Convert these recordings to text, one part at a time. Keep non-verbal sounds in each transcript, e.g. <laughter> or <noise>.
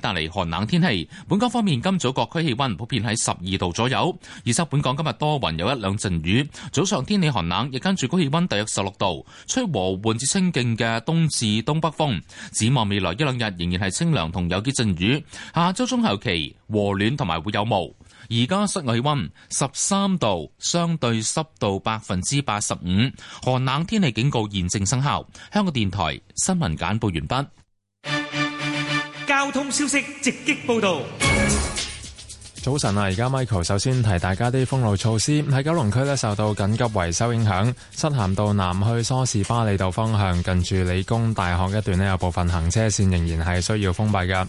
帶嚟寒冷天氣。本港方面，今早各區氣溫普遍喺十二度左右。預測本港今日多雲，有一兩陣雨。早上天氣寒冷，日間最高氣溫大約十六度，吹和緩至清勁嘅東至東北風。展望未來一兩日，仍然係清涼同有幾陣雨。下周中後期和暖同埋會有霧。而家室外氣溫十三度，相對濕度百分之八十五。寒冷天氣警告現正生效。香港電台新聞簡報完畢。交通消息直擊報道。早晨啊，而家 Michael 首先提大家啲封路措施。喺九龍區咧受到緊急維修影響，漆咸道南去梳士巴利道方向近住理工大學一段咧有部分行車線仍然係需要封閉嘅。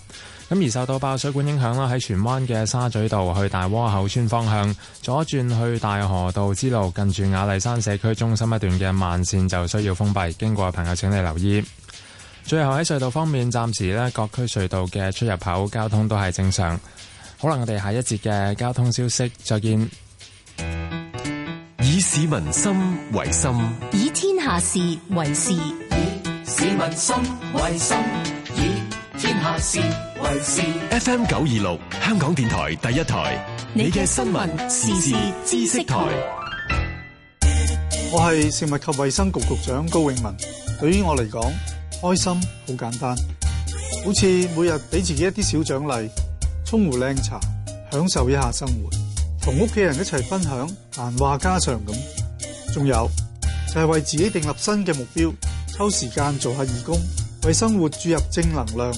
咁而受到爆水管影響啦，喺荃灣嘅沙咀道去大窩口村方向左轉去大河道支路近住亞麗山社區中心一段嘅慢線就需要封閉，經過嘅朋友請你留意。最後喺隧道方面，暫時咧各區隧道嘅出入口交通都係正常。好啦，我哋下一節嘅交通消息，再見。以市民心為心，以天下事為事。以市民心為心，以天下事為事。FM 九二六，香港電台第一台。你嘅新聞時事知識台。我係食物及衛生局局長高永文， <music> 對於我嚟講。開心好簡單，好似每日俾自己一啲小獎勵，沖壺靚茶，享受一下生活，同屋企人一齊分享閒話家常咁。仲有就係為自己訂立新嘅目標，抽時間做下義工，為生活注入正能量，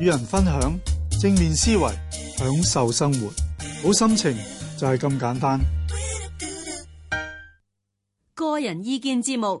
與人分享正面思維，享受生活，好心情就係咁簡單。個人意見節目。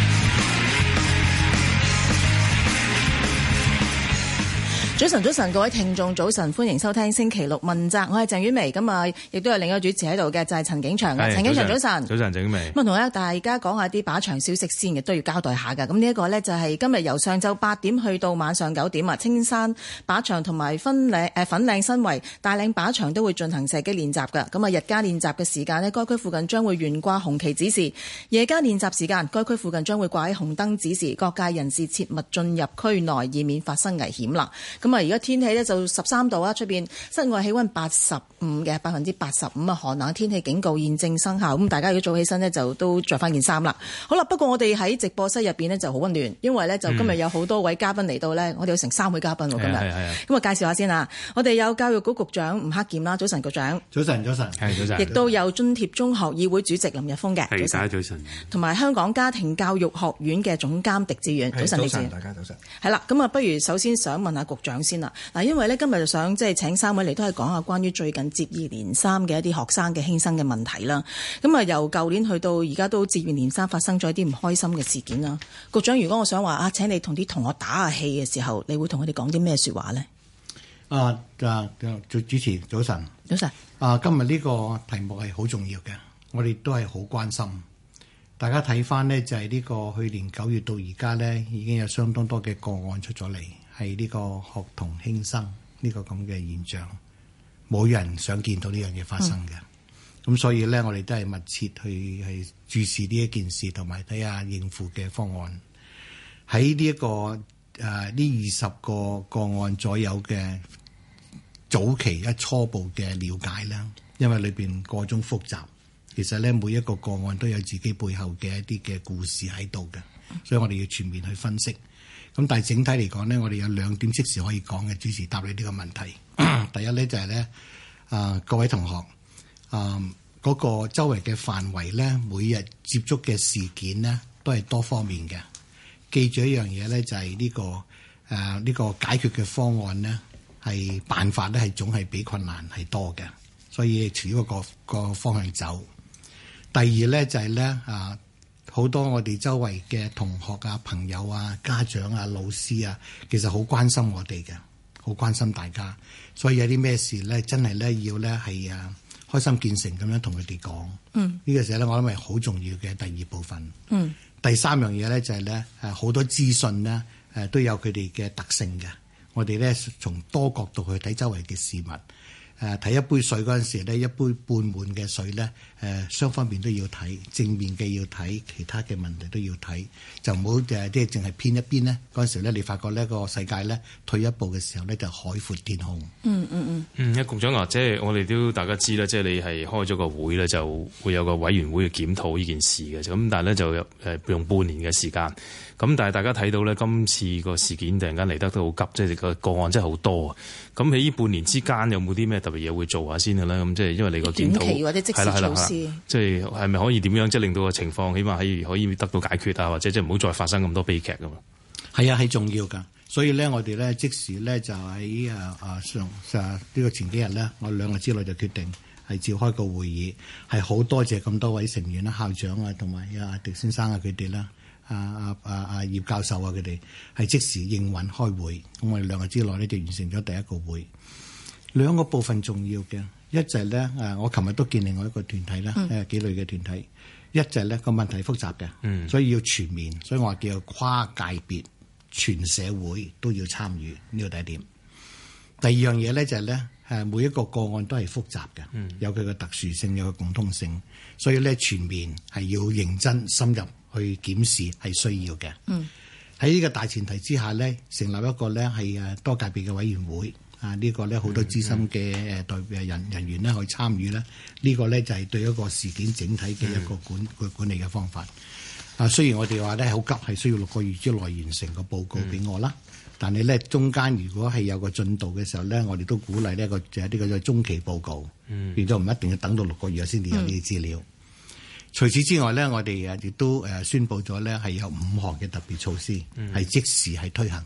早晨，早晨，各位聽眾早晨，歡迎收聽星期六問責，我係鄭婉薇，咁啊，亦都有另一個主持喺度嘅，就係陳景祥啊，陳景祥，早晨。早晨，鄭婉薇。咁啊，同大家講下啲靶場消息先，亦都要交代下嘅。咁呢一個咧，就係今日由上晝八點去到晚上九點啊，青山靶場同埋分嶺誒粉嶺新圍大嶺靶場都會進行射擊練習嘅。咁啊，日間練習嘅時間咧，該區附近將會懸掛紅旗指示；夜間練習時間，該區附近將會掛喺紅燈指示，各界人士切勿進入區內，以免發生危險啦。咁啊，而家天氣咧就十三度啊，出邊室外氣温八十五嘅百分之八十五啊，寒冷天氣警告現正生效。咁大家如果早起身呢，就都着翻件衫啦。好啦，不過我哋喺直播室入邊呢，就好温暖，因為呢，就今日有好多位嘉賓嚟到呢，我哋有成三位嘉賓喎今日。咁啊，介紹下先啊，我哋有教育局局長吳克儉啦，早晨局長。早晨，早晨，早晨。亦都有津貼中學議會主席林日豐嘅。早晨，早晨。同埋香港家庭教育學院嘅總監狄志遠。早晨，狄志。大家早晨。係啦，咁啊，不如首先想問下局長。先啦嗱，因為咧今日就想即係請三位嚟都係講下關於最近接二連三嘅一啲學生嘅輕生嘅問題啦。咁、嗯、啊由舊年去到而家都接二連三發生咗一啲唔開心嘅事件啦。局長，如果我想話啊，請你同啲同學打下氣嘅時候，你會同佢哋講啲咩說話呢？啊啊！主主持早晨，早晨。早晨啊，今日呢個題目係好重要嘅，我哋都係好關心。大家睇翻呢，就係、是、呢個去年九月到而家呢，已經有相當多嘅個案出咗嚟。係呢個學童輕生呢、這個咁嘅現象，冇人想見到呢樣嘢發生嘅。咁、嗯、所以咧，我哋都係密切去去注視呢一件事，同埋睇下應付嘅方案。喺呢一個誒呢二十個個案左右嘅早期一初步嘅了解啦，因為裏邊各種複雜，其實咧每一個個案都有自己背後嘅一啲嘅故事喺度嘅，所以我哋要全面去分析。咁但係整體嚟講咧，我哋有兩點即時可以講嘅，主持答你呢個問題。 <coughs> 第一咧就係、是、咧，啊、呃、各位同學，啊、呃、嗰、那個周圍嘅範圍咧，每日接觸嘅事件咧，都係多方面嘅。記住一樣嘢咧，就係呢個誒呢、呃這個解決嘅方案咧，係辦法咧係總係比困難係多嘅。所以朝、這個個、這個方向走。第二咧就係咧啊。呃好多我哋周圍嘅同學啊、朋友啊、家長啊、老師啊，其實好關心我哋嘅，好關心大家。所以有啲咩事咧，真係咧要咧係啊，開心見誠咁樣同佢哋講。嗯，呢個時候咧，我諗係好重要嘅第二部分。嗯，第三樣嘢咧就係咧誒好多資訊咧誒都有佢哋嘅特性嘅。我哋咧從多角度去睇周圍嘅事物。誒睇一杯水嗰陣時咧，一杯半滿嘅水咧。誒雙方面都要睇，正面嘅要睇，其他嘅問題都要睇，就唔好即係淨係偏一邊呢。嗰陣時咧，你發覺呢個世界咧退一步嘅時候呢，就海闊天空。嗯嗯嗯。嗯，阿局長啊，即係我哋都大家知啦，即係你係開咗個會咧，就會有個委員會去檢討呢件事嘅。咁但係咧就誒用半年嘅時間。咁但係大家睇到咧，今次個事件突然間嚟得都好急，即係個個案真係好多。咁喺呢半年之間有冇啲咩特別嘢會做下先嘅啦？咁即係因為你個檢討期或者即時嗯、即係係咪可以點樣，即係令到個情況起碼可以可以得到解決啊？或者即係唔好再發生咁多悲劇噶嘛？係啊，係重要噶。所以咧，我哋咧即時咧就喺啊啊上啊呢個前幾日咧，我兩日之內就決定係召開個會議，係好多謝咁多位成員啦、校長啊，同埋阿狄先生啊佢哋啦、阿阿阿葉教授啊佢哋係即時應允開會。咁我哋兩日之內呢，就完成咗第一個會，兩個部分重要嘅。一隻咧，誒，我琴日都見另外一個團體啦，誒、嗯，幾類嘅團體。一隻咧個問題複雜嘅，嗯、所以要全面，所以我話叫跨界別，全社會都要參與，呢個第一點。第二樣嘢咧就係咧，誒，每一個個案都係複雜嘅，嗯、有佢嘅特殊性，有個共通性，所以咧全面係要認真深入去檢視，係需要嘅。喺呢、嗯、個大前提之下咧，成立一個咧係誒多界別嘅委員會。啊！這個、呢個咧好多資深嘅誒代表人人員咧去參與咧，這個、呢個咧就係、是、對一個事件整體嘅一個管、嗯、管理嘅方法。啊，雖然我哋話咧好急，係需要六個月之內完成個報告俾我啦，嗯、但係咧中間如果係有個進度嘅時候咧，我哋都鼓勵咧個誒啲、這個中期報告，嗯、變咗唔一定要等到六個月先至有呢啲資料。嗯嗯、除此之外咧，我哋誒亦都誒宣布咗咧係有五項嘅特別措施，係即時係推行。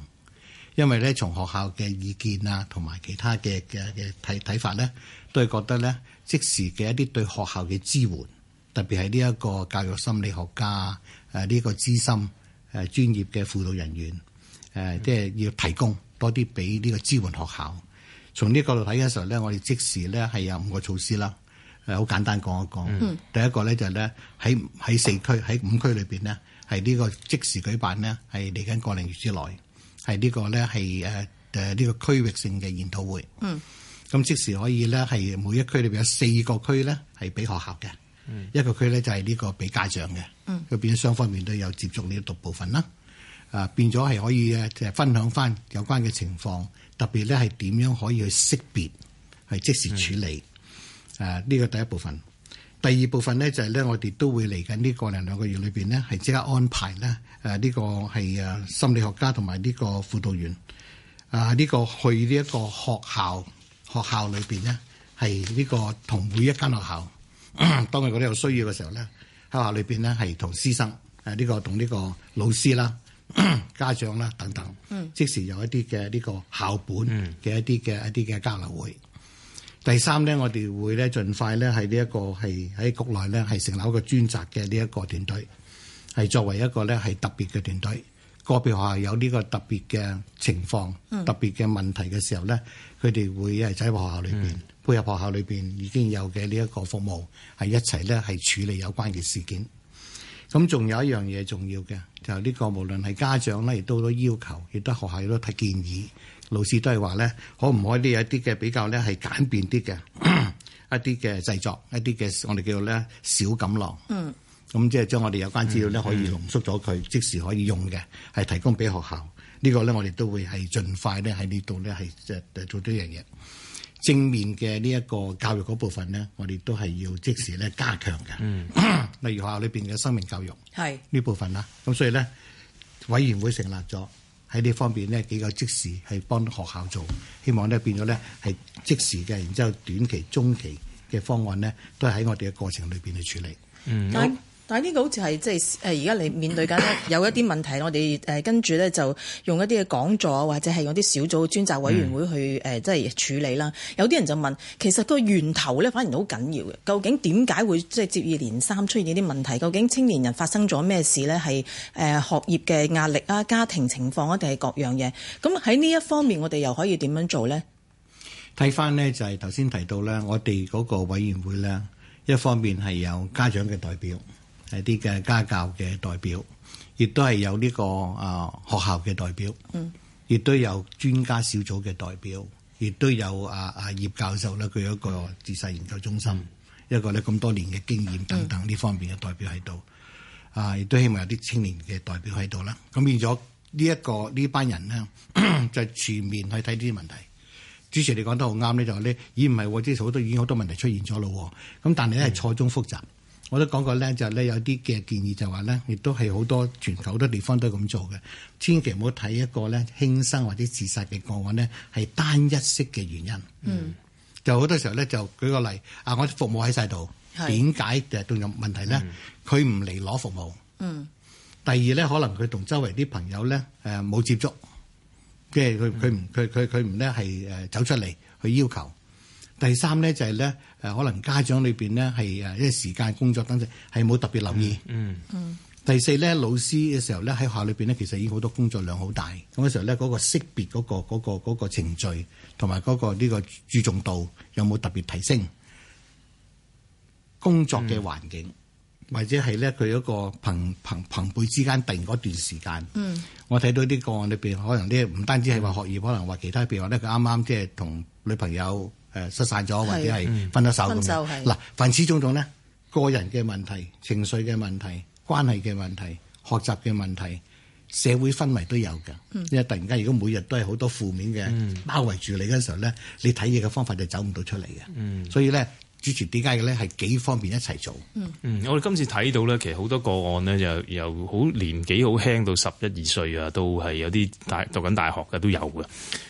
因為咧，從學校嘅意見啊，同埋其他嘅嘅嘅睇睇法咧，都係覺得咧，即時嘅一啲對學校嘅支援，特別係呢一個教育心理學家啊，呢、呢個資深誒專業嘅輔導人員，誒、呃、即係要提供多啲俾呢個支援學校。從呢個度睇嘅時候咧，我哋即時咧係有五個措施啦。誒好簡單講一講，嗯、第一個咧就係咧喺喺四區喺五區裏邊咧，係呢個即時舉辦咧，係嚟緊個零月之內。係呢個咧，係誒誒呢個區域性嘅研討會。嗯，咁即時可以咧，係每一區裏邊有四個區咧，係俾學校嘅。嗯，一個區咧就係呢個俾家長嘅。嗯，佢變咗雙方面都有接觸呢一度部分啦。啊、呃，變咗係可以誒，分享返有關嘅情況，特別咧係點樣可以去識別，係即時處理。誒、嗯，呢、啊呢個第一部分。第二部分咧就係咧，我哋都會嚟緊呢個零兩個月裏邊咧，係即刻安排咧，誒、呃、呢、呢個係誒心理學家同埋呢個輔導員，啊、呃、呢、呢個去呢一個學校學校裏邊咧，係呢個同每一間學校咳咳當佢覺得有需要嘅時候咧，喺學校裏邊咧係同師生誒呢、啊呢個同呢個老師啦、咳咳家長啦等等，即時有一啲嘅呢個校本嘅一啲嘅、嗯、一啲嘅交流會。第三咧，我哋會咧盡快咧係呢一個係喺局內咧係成立一個專責嘅呢一個團隊，係作為一個咧係特別嘅團隊，個別學校有呢個特別嘅情況，特別嘅問題嘅時候咧，佢哋、嗯、會係喺學校裏邊，配合學校裏邊已經有嘅呢一個服務，係一齊咧係處理有關嘅事件。咁仲有一樣嘢重要嘅，就係、是、呢個無論係家長咧，亦都好多要求，亦都學校亦都提建議，老師都係話咧，可唔可以呢？有一啲嘅比較咧係簡便啲嘅一啲嘅 <coughs> 製作，一啲嘅我哋叫做咧小錦囊。嗯，咁即係將我哋有關資料咧可以濃縮咗佢，嗯、即時可以用嘅，係提供俾學校。呢、呢個咧我哋都會係盡快咧喺呢度咧係誒做呢樣嘢。正面嘅呢一個教育嗰部分咧，我哋都係要即時咧加強嘅。嗯，例如學校裏邊嘅生命教育，係呢是部分啦。咁所以咧，委員會成立咗喺呢方面咧，比較即時係幫學校做，希望咧變咗咧係即時嘅，然之後短期、中期嘅方案咧都喺我哋嘅過程裏邊去處理。嗯，但係呢個好似係即係誒，而家你面對緊有一啲問題， <coughs> 我哋誒跟住咧就用一啲嘅講座或者係用啲小組專責委員會去誒，即係、嗯、處理啦。有啲人就問，其實個源頭咧反而好緊要嘅。究竟點解會即係接二連三出現呢啲問題？究竟青年人發生咗咩事咧？係誒學業嘅壓力啊，家庭情況啊，定係各樣嘢？咁喺呢一方面，我哋又可以點樣做咧？睇翻呢，就係頭先提到咧，我哋嗰個委員會咧，一方面係有家長嘅代表。一啲嘅家教嘅代表，亦都係有呢個啊學校嘅代表，亦都、嗯、有專家小組嘅代表，亦都有啊啊葉教授啦，佢有一個自細研究中心，嗯、一個咧咁多年嘅經驗等等呢、嗯、方面嘅代表喺度，啊，亦都希望有啲青年嘅代表喺度啦。咁變咗呢一個呢班人呢 <coughs> 就全面去睇呢啲問題。主持人你講得好啱呢，就話咧咦唔係喎，即係好多已經好多問題出現咗咯喎，咁但係咧係錯綜複雜。褲褲我都講過咧，就咧係有啲嘅建議就話咧，亦都係好多全球好多地方都咁做嘅。千祈唔好睇一個咧輕生或者自殺嘅個案咧，係單一式嘅原因。嗯，就好多時候咧，就舉個例，啊，我啲服務喺曬度，點解誒仲有問題咧？佢唔嚟攞服務。嗯。第二咧，可能佢同周圍啲朋友咧誒冇接觸，即係佢佢唔佢佢佢唔咧係誒走出嚟去要求。第三咧就係咧，誒可能家長裏邊咧係誒，因為時間工作等等係冇特別留意。嗯。第四咧，老師嘅時候咧喺學校裏邊咧，其實已經好多工作量好大。咁嘅時候咧，嗰個識別嗰、嗰個嗰個嗰個程序同埋嗰個呢個注重度有冇特別提升？工作嘅環境、嗯、或者係咧佢一個朋朋朋輩之間定嗰段時間。嗯。我睇到啲個案裏邊，可能啲唔單止係話學業，嗯、可能話其他譬如話咧，佢啱啱即係同女朋友。誒失散咗，或者係分咗手咁樣。嗱的，凡此種種咧，個人嘅問題、情緒嘅問題、關係嘅問題、學習嘅問題、社會氛圍都有嘅。嗯、因為突然間，如果每日都係好多負面嘅包圍住你嘅時候咧，嗯、你睇嘢嘅方法就走唔到出嚟嘅。嗯、所以咧，主持點解嘅咧，係幾方面一齊做。嗯，嗯，我哋今次睇到咧，其實好多個案咧，由好年紀好輕到十一二歲啊，都係有啲大讀緊大學嘅都有嘅。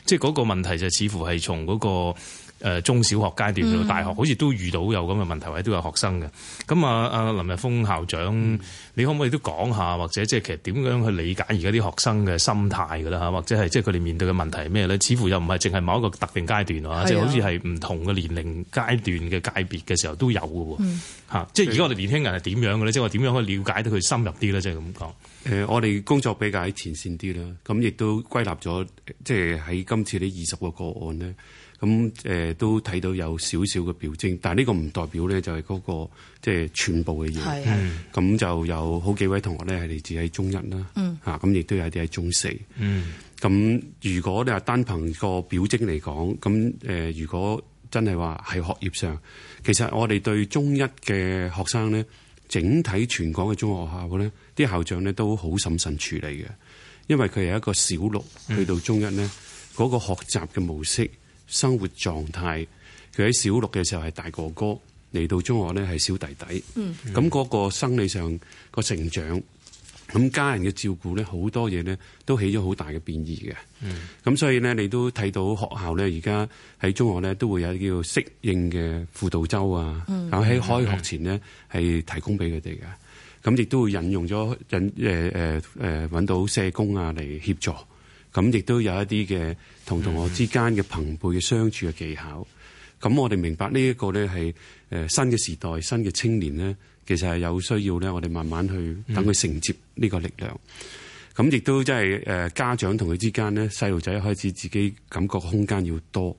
即係嗰個問題就似乎係從嗰、那個。誒中小學階段大學，嗯、好似都遇到有咁嘅問題，或者都有學生嘅。咁啊，阿林日豐校長，嗯、你可唔可以都講下，或者即係其實點樣去理解而家啲學生嘅心態嘅啦？嚇，或者係即係佢哋面對嘅問題係咩咧？似乎又唔係淨係某一個特定階段啊，即係好似係唔同嘅年齡階段嘅界別嘅時候都有嘅喎、嗯啊。即係而家我哋年輕人係點樣嘅咧？即係的我點樣去了解到佢深入啲咧？即係咁講。誒、嗯呃，我哋工作比較喺前線啲啦，咁亦都歸納咗，即係喺今次呢二十個個案咧。咁誒、呃、都睇到有少少嘅表徵，但係呢個唔代表咧，就係、是、嗰、那個即係、就是、全部嘅嘢。係的，咁、嗯、就有好幾位同學咧係嚟自喺中一啦，嚇咁、嗯啊、亦都有啲喺中四。嗯，咁如果你話單憑個表徵嚟講，咁誒、呃、如果真係話係學業上，其實我哋對中一嘅學生咧，整體全港嘅中學校咧，啲校長咧都好審慎處理嘅，因為佢係一個小六去、嗯、到中一咧嗰、那個學習嘅模式。生活狀態，佢喺小六嘅時候係大哥哥，嚟到中學咧係小弟弟。嗯，咁嗰個生理上個成長，咁家人嘅照顧咧，好多嘢咧都起咗好大嘅變異嘅。嗯，咁所以咧，你都睇到學校咧，而家喺中學咧都會有啲叫適應嘅輔導周啊。嗯，喺開學前咧係的提供俾佢哋嘅，咁亦都會引用咗引誒誒誒搵到社工啊嚟協助，咁亦都有一啲嘅。同同學之間嘅朋輩嘅相處嘅技巧，咁我哋明白呢一個咧係誒新嘅時代，新嘅青年咧，其實係有需要咧，我哋慢慢去等佢承接呢個力量。咁亦都即係誒家長同佢之間咧，細路仔開始自己感覺空間要多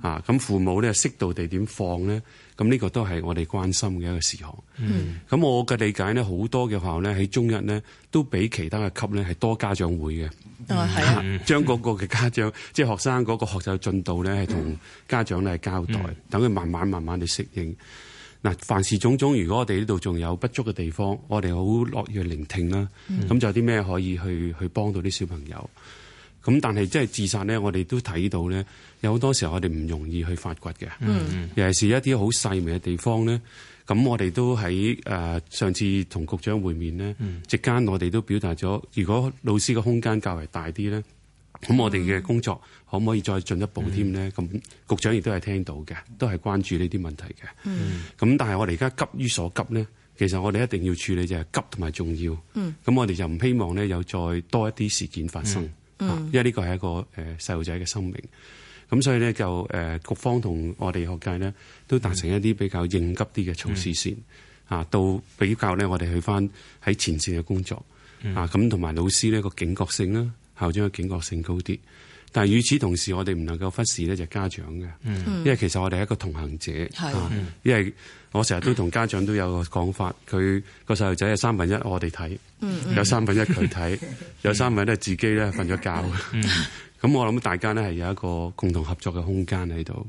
啊，咁父母咧適度地點放咧。咁呢個都係我哋關心嘅一個事項。咁、嗯、我嘅理解呢，好多嘅學校咧喺中一呢都比其他嘅級咧係多家長會嘅。啊、嗯，係將嗰個嘅家長、嗯、即係學生嗰個學習進度咧係同家長咧係交代，等佢、嗯、慢慢慢慢哋適應。嗱、嗯，嗯、凡事種種，如果我哋呢度仲有不足嘅地方，我哋好樂意聆聽啦。咁就有啲咩可以去去幫到啲小朋友？咁但係，即係自殺咧，我哋都睇到咧，有好多時候我哋唔容易去發掘嘅，嗯、尤其是係一啲好細微嘅地方咧。咁我哋都喺誒、呃、上次同局長會面咧，即、嗯、間我哋都表達咗，如果老師嘅空間較為大啲咧，咁我哋嘅工作可唔可以再進一步添咧？咁、嗯、局長亦都係聽到嘅，都係關注呢啲問題嘅。咁、嗯、但係我哋而家急於所急咧，其實我哋一定要處理就係急同埋重要。咁、嗯、我哋就唔希望咧有再多一啲事件發生。嗯。因為呢個係一個誒細路仔嘅生命，咁所以呢，就誒、呃、局方同我哋學界呢都達成一啲比較應急啲嘅措施先。嗯、啊，到比較呢，我哋去翻喺前線嘅工作、嗯、啊，咁同埋老師呢個警覺性啦，校長嘅警覺性高啲，但係與此同時，我哋唔能夠忽視呢就、家長嘅，嗯、因為其實我哋係一個同行者，係、因為。我成日都同家長都有個講法，佢個細路仔啊，三分一我哋睇，有三分一佢睇，有三分一咧自己咧瞓咗覺。咁 <laughs> <laughs> 我諗大家咧係有一個共同合作嘅空間喺度。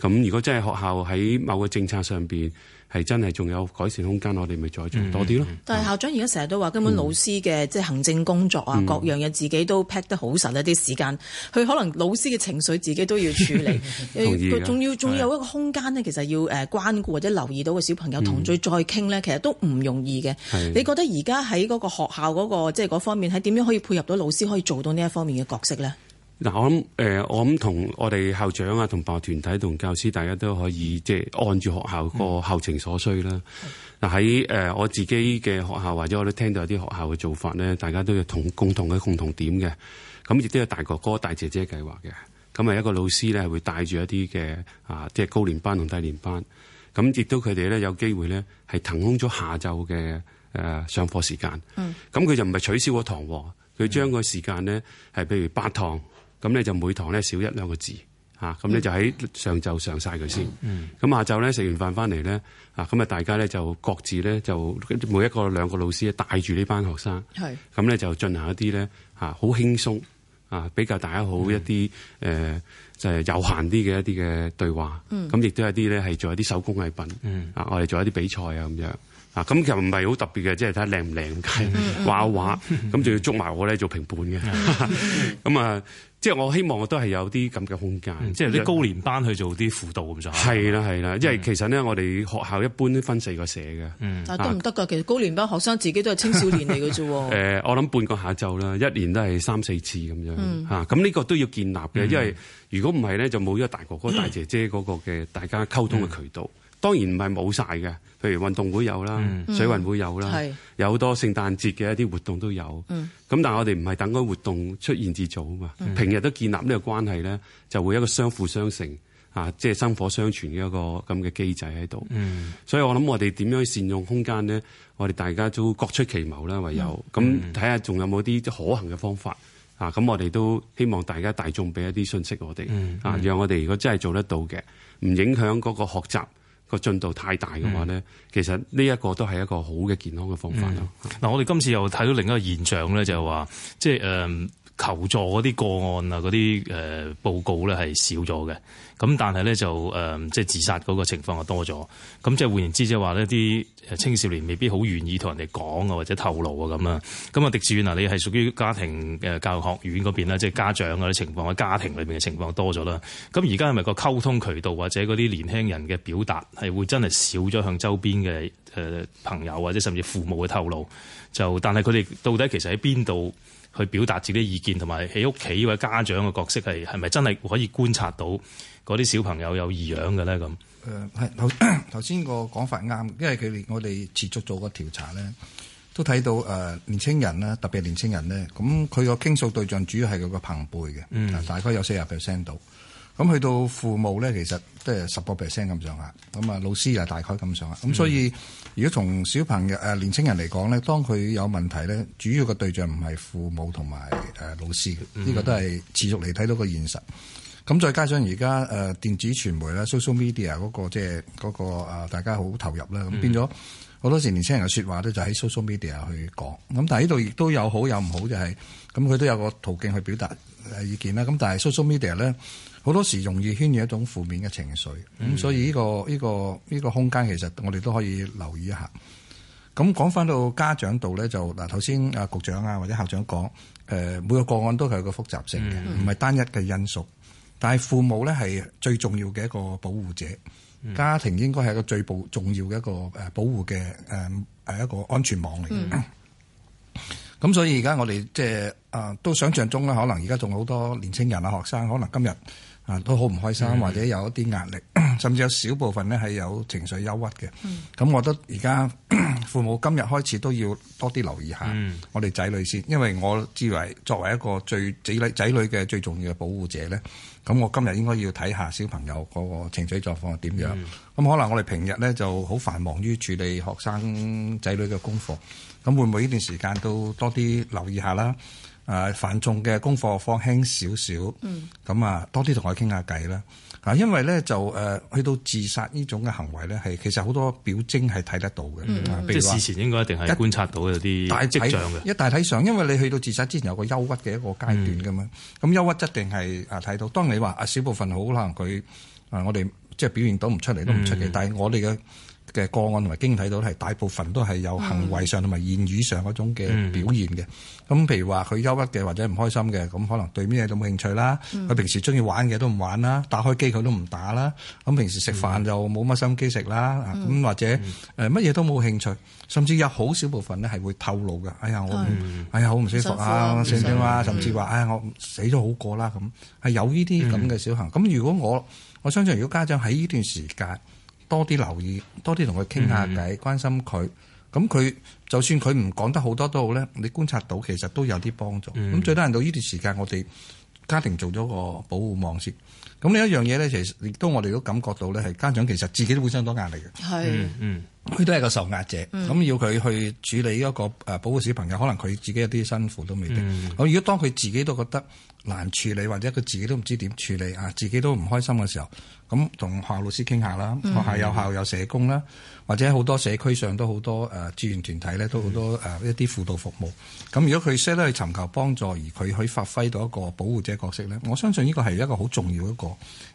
咁是如果真係學校喺某個政策上邊，係真係仲有改善空間，我哋咪再做多啲咯。嗯、是但係校長而家成日都話，根本老師嘅即係行政工作啊，嗯、各樣嘢自己都 pack 得好實一啲時間。佢可能老師嘅情緒自己都要處理，佢仲要仲有一個空間呢，其實要誒關顧的或者留意到個小朋友同佢再傾呢，嗯、其實都唔容易嘅。的你覺得而家喺嗰個學校嗰、嗰個即係嗰方面，喺點樣可以配合到老師可以做到呢一方面嘅角色呢？嗱、呃，我諗誒，我諗同我哋校長啊、同辦學團體、同教師，大家都可以即係按住學校個校情所需啦。嗱喺誒我自己嘅學校，或者我都聽到有啲學校嘅做法咧，大家都有同共同嘅共同點嘅。咁亦都有大哥哥、大姐姐計劃嘅。咁啊，一個老師咧係會帶住一啲嘅啊，即係高年班同低年班。咁亦都佢哋咧有機會咧係騰空咗下晝嘅誒上課時間。嗯。咁佢、嗯、就唔係取消個堂喎，佢將個時間咧係譬如八堂。咁咧就每堂咧少一兩個字嚇，咁咧就喺上晝上晒佢先。咁下晝咧食完飯翻嚟咧，啊咁啊大家咧就各自咧就每一個兩個老師帶住呢班學生。咁咧就進行一啲咧嚇好輕鬆啊，比較大家好一啲誒就係有閒啲嘅一啲嘅對話。咁亦都係啲咧係做一啲手工藝品。啊，我哋做一啲比賽啊咁樣啊，咁其實唔係好特別嘅，即係睇下靚唔靚。畫畫咁仲要捉埋我咧做評判嘅。咁啊～即係我希望我都係有啲咁嘅空間，嗯、即係啲高年班去做啲輔導咁上下。係啦係啦，因為其實咧，我哋學校一般都分四個社嘅。但係、嗯啊、都唔得㗎，其實高年班學生自己都係青少年嚟㗎啫。誒、 <laughs> 呃，我諗半個下晝啦，一年都係三四次咁樣嚇。咁呢、嗯啊、個都要建立嘅，嗯、因為如果唔係咧，就冇咗大哥哥大姐姐嗰個嘅大家溝通嘅渠道。嗯當然唔係冇晒嘅，譬如運動會有啦，水運會有啦，嗯、有好多聖誕節嘅一啲活動都有。咁、嗯、但係我哋唔係等嗰活動出現至做啊嘛，平日都建立呢個關係咧，就會一個相輔相成啊，即係薪火相傳嘅一個咁嘅機制喺度。嗯、所以我諗我哋點樣善用空間咧，我哋大家都各出奇謀啦，唯有咁睇下仲有冇啲可行嘅方法啊。咁我哋都希望大家大眾俾一啲信息我哋啊，讓我哋如果真係做得到嘅，唔影響嗰個學習。個進度太大嘅話咧，其實呢一個都係一個好嘅健康嘅方法咯。嗱、嗯，嗯、我哋今次又睇到另一個現象咧，就係、係、話，即係誒，呃求助嗰啲個案啊，嗰啲誒報告咧係少咗嘅，咁但係咧就誒即係自殺嗰個情況就多咗，咁即係換言之，即係話呢啲誒青少年未必好願意同人哋講啊，或者透露啊咁啊，咁啊狄志遠嗱，你係屬於家庭誒教育學院嗰邊啦，即係家長啊啲情況，家庭裏邊嘅情況多咗啦，咁而家係咪個溝通渠道或者嗰啲年輕人嘅表達係會真係少咗向周邊嘅誒朋友或者甚至父母嘅透露？就但係佢哋到底其實喺邊度？去表達自己意見，同埋喺屋企或者家長嘅角色係係咪真係可以觀察到嗰啲小朋友有異樣嘅咧？咁誒係頭頭先個講法啱，因為佢我哋持續做個調查咧，都睇到誒、呃、年青人咧，特別係年青人咧，咁佢個傾訴對象主要係佢個朋輩嘅，嗯，大概有四十 percent 到。咁去到父母咧，其實即係十個 percent 咁上下。咁啊，老師又大概咁上下。咁、嗯、所以，如果從小朋友誒、啊、年青人嚟講咧，當佢有問題咧，主要嘅對象唔係父母同埋誒老師。呢、嗯、個都係持續嚟睇到個現實。咁、嗯、再加上而家誒電子傳媒啦 social media 嗰個即係嗰個大家好投入啦。咁、嗯、變咗好多時年，年青人嘅説話咧就喺 social media 去講。咁但係呢度亦都有好有唔好，就係，就係咁佢都有個途徑去表達誒意見啦。咁但係 social media 咧。好多時容易牽起一種負面嘅情緒，咁、嗯、所以呢、這個呢、這個呢、這個空間其實我哋都可以留意一下。咁講翻到家長度咧，就嗱頭先阿局長啊或者校長講，誒、呃、每個個案都係有個複雜性嘅，唔係、嗯、單一嘅因素。但係父母咧係最重要嘅一個保護者，嗯、家庭應該係一個最保重要嘅一個誒保護嘅誒係一個安全網嚟嘅。嗯咁、嗯、所以而家我哋即係啊，都想象中啦，可能而家仲好多年青人啊，學生可能今日，都好唔開心，或者有一啲壓力，嗯、甚至有少部分咧係有情緒憂鬱嘅。咁、嗯、我覺得而家父母今日開始都要多啲留意下我哋仔女先，因為我自以為作為一個最仔女仔女嘅最重要嘅保護者呢，咁我今日應該要睇下小朋友嗰個情緒狀況係點樣。咁、嗯、可能我哋平日呢就好繁忙於處理學生仔女嘅功課，咁會唔會呢段時間都多啲留意下啦？嗯啊！繁重嘅功課放輕少少，咁啊、嗯、多啲同我傾下偈啦。嗱，因為咧就誒去到自殺呢種嘅行為咧，係其實好多表徵係睇得到嘅，即係事前應該一定係觀察到有啲跡象嘅、嗯嗯嗯、一大體上，因為你去到自殺之前有個憂鬱嘅一個階段㗎嘛。咁、嗯、憂鬱一定係啊睇到。當你話啊少部分好可能佢啊，我哋即係表現到唔出嚟都唔出奇，嗯、但係我哋嘅。嘅個案同埋經睇到，係大部分都係有行為上同埋言語上嗰種嘅表現嘅。咁、嗯、譬如話，佢憂鬱嘅或者唔開心嘅，咁可能對咩都冇興趣啦。佢、嗯、平時中意玩嘅都唔玩啦，打開機佢都唔打啦。咁平時食飯就冇乜心機食啦。咁、嗯、或者誒乜嘢都冇興趣，甚至有好少部分咧係會透露嘅。哎呀，我、嗯、哎呀好唔舒服啊！算唔算啊？乖乖乖乖，甚至話，哎呀，我死咗好過啦咁。係有呢啲咁嘅小行。咁、嗯、如果我我相信，如果家長喺呢段時間。多啲留意，多啲同佢傾下偈，嗯、關心佢。咁佢就算佢唔講得好多都好咧，你觀察到其實都有啲幫助。咁、嗯、最得人到呢段時間，我哋家庭做咗個保護網先。咁呢一樣嘢咧，其實亦都我哋都感覺到咧，係家長其實自己都會相當壓力嘅。係是、嗯，嗯。佢都係個受壓者，咁、嗯、要佢去處理一個誒保護小朋友，可能佢自己一啲辛苦都未定。咁、嗯、如果當佢自己都覺得難處理，或者佢自己都唔知點處理啊，自己都唔開心嘅時候，咁同學校老師傾下啦，學校有校有社工啦，或者好多社區上都好多誒志願團體咧，都好多誒一啲輔導服務。咁如果佢識得去尋求幫助，而佢可以發揮到一個保護者角色咧，我相信呢個係一個好重要一個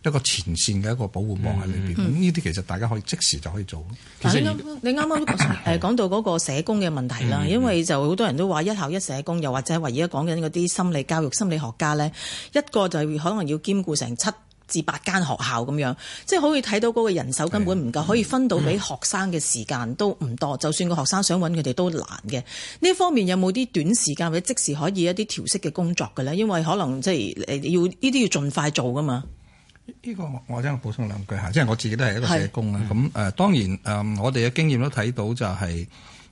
一個前線嘅一個保護網喺裏邊。咁呢啲其實大家可以即時就可以做。其實你啱啱誒講到嗰個社工嘅問題啦，因為就好多人都話一校一社工，又或者話而家講緊嗰啲心理教育心理學家咧，一個就可能要兼顧成七至八間學校咁樣，即係可以睇到嗰個人手根本唔夠，可以分到俾學生嘅時間都唔多， <noise> 就算個學生想揾佢哋都難嘅。呢方面有冇啲短時間或者即時可以一啲調適嘅工作嘅咧？因為可能即係要呢啲要盡快做㗎嘛。呢、這個我我想補充兩句嚇，即係我自己都係一個社工啦。咁誒、嗯呃、當然誒、呃，我哋嘅經驗都睇到就係、是、誒、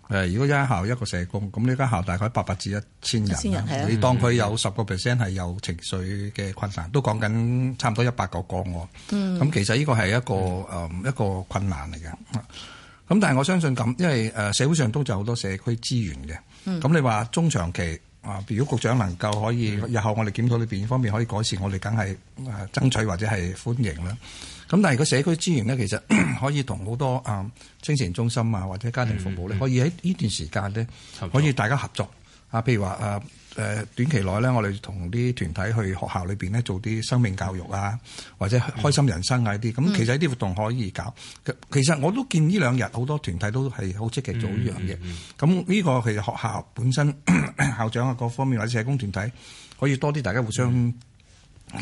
呃，如果一間校一個社工，咁呢間校大概八百至一千人，人啊、你當佢有十個 percent 係有情緒嘅困難，都講緊差唔多一百個個案。咁、嗯、其實呢個係一個誒、嗯呃、一個困難嚟嘅。咁、嗯、但係我相信咁，因為誒、呃、社會上都有好多社區資源嘅。咁、嗯、你話中長期。啊！如果局長能夠可以日後我哋檢討裏邊方面可以改善，我哋梗係誒爭取或者係歡迎啦。咁但係如果社區資源呢，其實可以同好多啊精神中心啊或者家庭服務咧，可以喺呢段時間呢，作可以大家合作啊，譬如話誒。啊誒短期內咧，我哋同啲團體去學校裏邊咧做啲生命教育啊，或者開心人生啊啲，咁其實啲活動可以搞。其實我都見呢兩日好多團體都係好積極做呢、嗯嗯嗯、樣嘢。咁呢個其實學校本身 <coughs> 校長啊各方面或者社工團體可以多啲大家互相、嗯。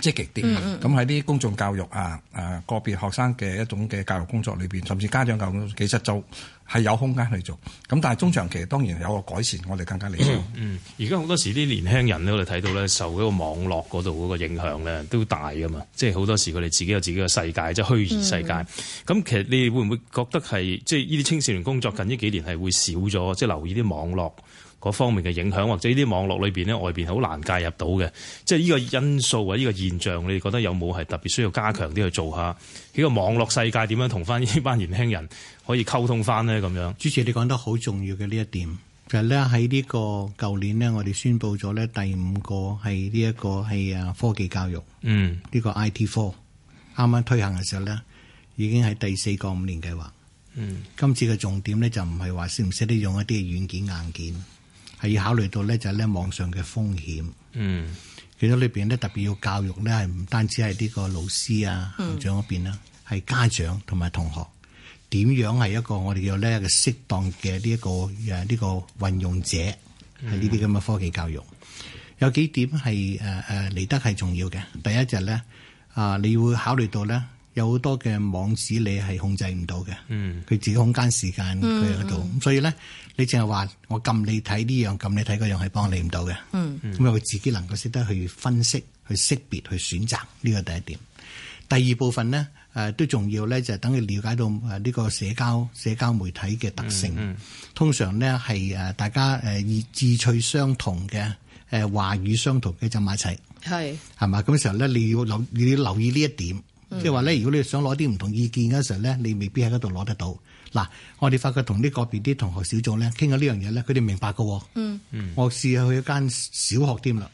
積極啲，咁喺啲公眾教育啊，誒個別學生嘅一種嘅教育工作裏邊，甚至家長教育幾失周，係有空間去做。咁但係中長期當然有個改善，我哋更加理想、嗯。嗯，而家好多時啲年輕人咧，我哋睇到咧，受嗰個網絡嗰度嗰個影響咧，都大噶嘛。即係好多時佢哋自己有自己嘅世界，即係虛擬世界。咁、嗯、其實你哋會唔會覺得係即係呢啲青少年工作近呢幾年係會少咗？即係留意啲網絡，嗰方面嘅影響，或者呢啲網絡裏邊呢，外邊好難介入到嘅，即係呢個因素啊，呢個現象，你哋覺得有冇係特別需要加強啲去做下，呢個網絡世界點樣同翻呢班年輕人可以溝通翻呢？咁樣，主持你講得好重要嘅呢一點，其實呢，喺呢個舊年呢，我哋宣布咗呢第五個係呢一個係啊科技教育，嗯，呢個 IT4 啱啱推行嘅時候呢，已經係第四個五年計劃，嗯，今次嘅重點呢，就唔係話識唔識得用一啲軟件硬件。係要考慮到咧，就係咧網上嘅風險。嗯，其實呢邊咧特別要教育咧，係唔單止係呢個老師啊、校長嗰邊啦，係、嗯、家長同埋同學點樣係一個我哋叫呢一個適當嘅呢一個誒呢、啊呢個運用者喺呢啲咁嘅科技教育，有幾點係誒誒嚟得係重要嘅。第一就咧、係、啊，你會考慮到咧有好多嘅網址你係控制唔到嘅。嗯，佢自己空間時間佢喺度，嗯嗯、所以咧。你淨係話我撳你睇呢樣，撳你睇嗰樣，係幫你唔到嘅。嗯，咁佢自己能夠識得去分析、去識別、去選擇，呢個第一點。第二部分咧，誒、呃，都重要咧，就等佢了解到誒呢個社交社交媒體嘅特性。嗯嗯、通常咧係誒大家誒以志趣相同嘅、誒、呃、話語相同嘅就埋齊係，係嘛，咁嘅時候咧，你要留你要留意呢一點。即係話咧，如果你想攞啲唔同意見嘅時候咧，你未必喺嗰度攞得到。嗱，我哋發覺同呢個別啲同學小組咧傾咗呢樣嘢咧，佢哋明白㗎。嗯、我試下去一間小學添啦，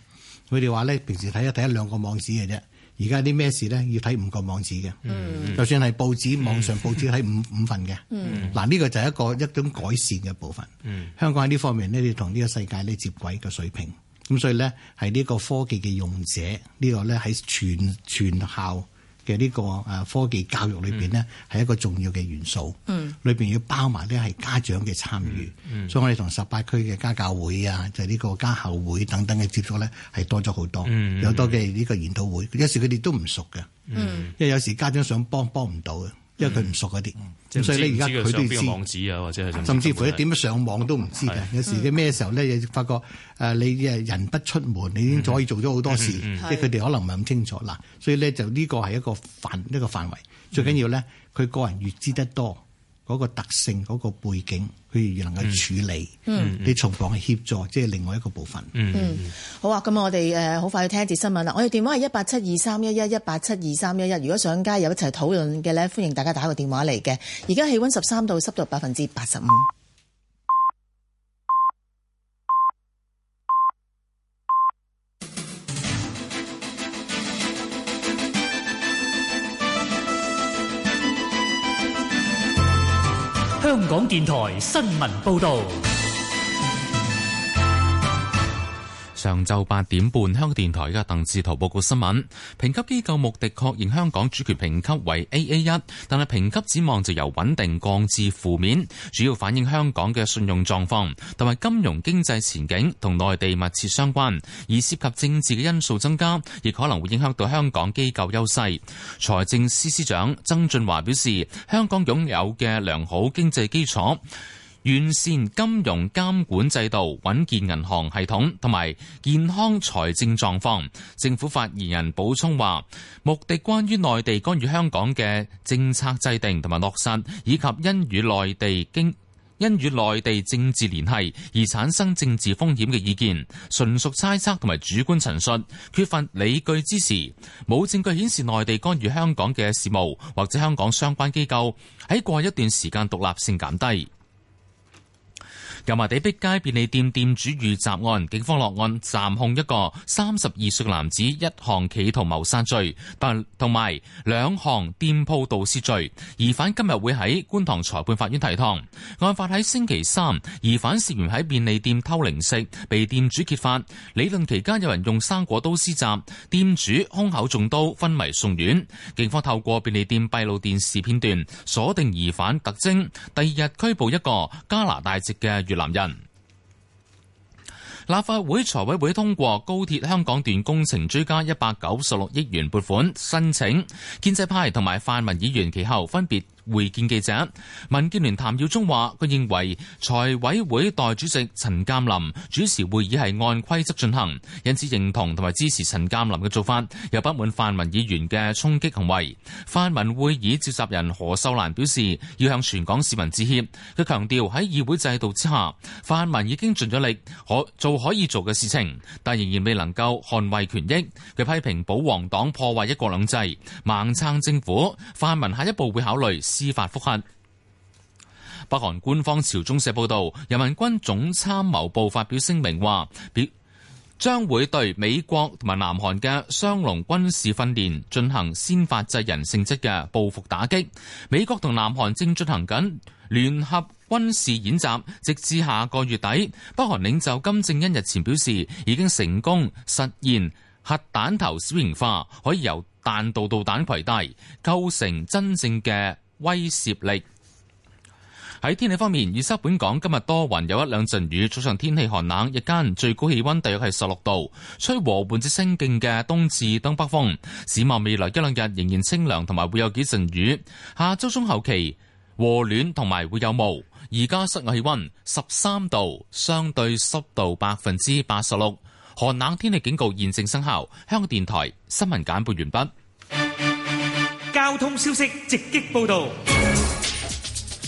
佢哋話咧，平時睇一睇一兩個網址嘅啫，而家啲咩事咧，要睇五個網址嘅。嗯、就算係報紙，嗯、網上報紙係五五份嘅。嗱，呢、呢個就係一個一種改善嘅部分。香港喺呢方面咧，要同呢個世界咧接軌嘅水平。咁，所以咧係呢個科技嘅用者呢、呢個咧喺全全校。嘅呢個誒科技教育裏邊咧，係一個重要嘅元素。嗯，裏邊要包埋啲係家長嘅參與。嗯，嗯所以我哋同十八區嘅家教會啊，就係、是、呢個家校會等等嘅接觸咧，係多咗好多。嗯，有多嘅呢個研討會，有時佢哋都唔熟嘅。嗯，因為有時家長想幫幫唔到嘅。因為佢唔熟嗰啲，嗯、所以咧而家佢都要知，網啊、或者知甚至乎一點樣上網都唔知嘅。是有時佢咩時候咧，發覺誒、呃、你誒人不出門，你已經可以做咗好多事。嗯嗯嗯嗯、即係佢哋可能唔係咁清楚嗱，所以咧就呢個係一個範一個範圍。最緊要咧，佢個人越知得多。嗰個特性，嗰、那個背景，佢越能夠處理，你、嗯嗯、從旁協助，即、就、係、是、另外一個部分。嗯，好啊，咁啊，我哋誒好快去聽一節新聞啦。我哋電話係一八七二三一一一八七二三一一。如果想加入一齊討論嘅咧，歡迎大家打個電話嚟嘅。而家氣温十三度，濕度百分之八十五。香港電台新聞報道。上晝八點半，香港電台嘅鄧志圖報告新聞。評級機構穆迪確認香港主權評級為 AA 一，但係評級展望就由穩定降至負面，主要反映香港嘅信用狀況同埋金融經濟前景同內地密切相關，而涉及政治嘅因素增加，亦可能會影響到香港機構優勢。財政司司長曾俊華表示，香港擁有嘅良好經濟基礎。完善金融監管制度，穩健銀行系統同埋健康財政狀況。政府發言人補充話，目的關於內地干預香港嘅政策制定同埋落實，以及因與內地經，因與內地政治聯繫而產生政治風險嘅意見，純屬猜測同埋主觀陳述，缺乏理據支持。冇證據顯示內地干預香港嘅事務，或者香港相關機構喺過一段時間獨立性減低。油麻地碧街便利店店主遇襲案，警方落案，暫控一個三十二歲男子一項企圖謀殺罪，但同埋兩項店鋪盜竊罪。疑犯今日會喺觀塘裁判法院提堂。案發喺星期三，疑犯涉嫌喺便利店偷零食，被店主揭發。理論期間有人用生果刀施襲，店主胸口中刀昏迷送院。警方透過便利店閉路電視片段鎖定疑犯特徵，第二日拘捕一個加拿大籍嘅。男人，立法會財委會通過高鐵香港段工程追加一百九十六億元撥款申請，建制派同埋泛民議員其後分別會見記者，民建聯譚耀宗話：佢認為財委會代主席陳鑑林主持會議係按規則進行，因此認同同埋支持陳鑑林嘅做法，又不滿泛民議員嘅衝擊行為。泛民會議召集人何秀蘭表示：要向全港市民致歉。佢強調喺議會制度之下，泛民已經盡咗力可，可做可以做嘅事情，但仍然未能夠捍衞權益。佢批評保皇黨破壞一國兩制，盲撐政府。泛民下一步會考慮。司法復核。北韓官方朝中社報道，人民軍總參謀部發表聲明話，表將會對美國同埋南韓嘅雙龍軍事訓練進行先發制人性質嘅報復打擊。美國同南韓正進行緊聯合軍事演習，直至下個月底。北韓領袖金正恩日前表示，已經成功實現核彈頭小型化，可以由彈道導彈攜帶，構成真正嘅。威懾力。喺天氣方面，預測本港今日多雲，有一兩陣雨。早上天氣寒冷，日間最高氣温大約係十六度，吹和緩至清勁嘅東至東北風。展望未來一兩日仍然清涼，同埋會有幾陣雨。下周中後期和暖，同埋會有霧。而家室外氣温十三度，相對濕度百分之八十六。寒冷天氣警告現正生效。香港電台新聞簡報完畢。 <music> 交通消息直擊報道。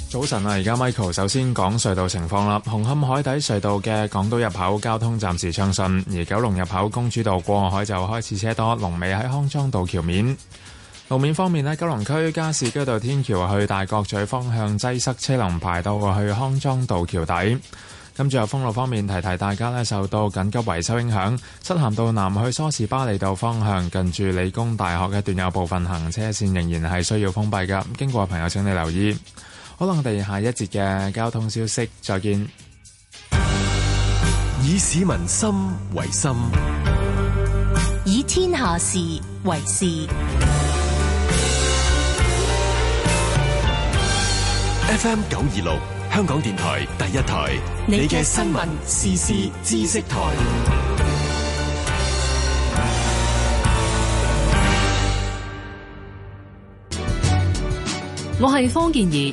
早晨啊，而家 Michael 首先講隧道情況啦。紅磡海底隧道嘅港島入口交通暫時暢順，而九龍入口公主道過海就開始車多，龍尾喺康莊道橋面。路面方面呢，九龍區加士居道天橋去大角咀方向擠塞車，車龍排到去康莊道橋底。咁住由封路方面提提大家咧，受到緊急維修影響，漆咸道南去梳士巴利道方向近住理工大學嘅段有部分行車線仍然係需要封閉噶。經過朋友請你留意。我哋下一節嘅交通消息再見。以市民心為心，以天下事為事。F M 九二六。 <music> <music> 香港電台第一台，你嘅新聞時事知識台。我係方健儀。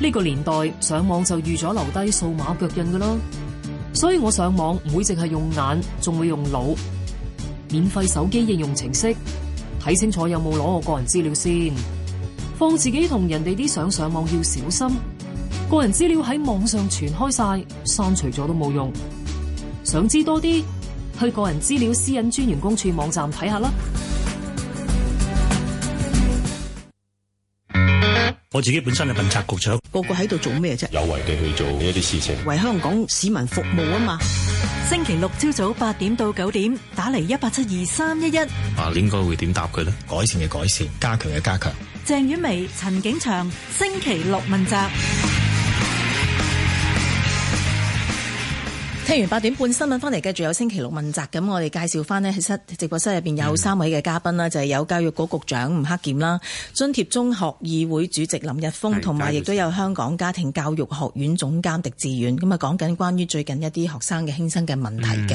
呢、這個年代上網就預咗留低數碼腳印噶啦，所以我上網唔會淨係用眼，仲會用腦。免費手機應用程式，睇清楚有冇攞我個人資料先。放自己同人哋啲相上網要小心。個人資料喺網上傳開晒，刪除咗都冇用。想知多啲，去個人資料私隱專員公署網站睇下啦。我自己本身係問責局長，個個喺度做咩啫？有為地去做一啲事情，為香港市民服務啊嘛。 <noise> 星期六朝早八點到九點，打嚟一八七二三一一。啊，應該會點答佢咧？改善嘅改善，加強嘅加強。鄭婉薇、陳景祥，星期六問責。聽完八點半新聞翻嚟，繼續有星期六問責，咁我哋介紹翻呢，其實直播室入邊有三位嘅嘉賓啦，嗯、就係有教育局局長吳克儉啦，津貼中學議會主席林日豐，同埋亦都有香港家庭教育學院總監狄志遠，咁啊講緊關於最近一啲學生嘅輕生嘅問題嘅。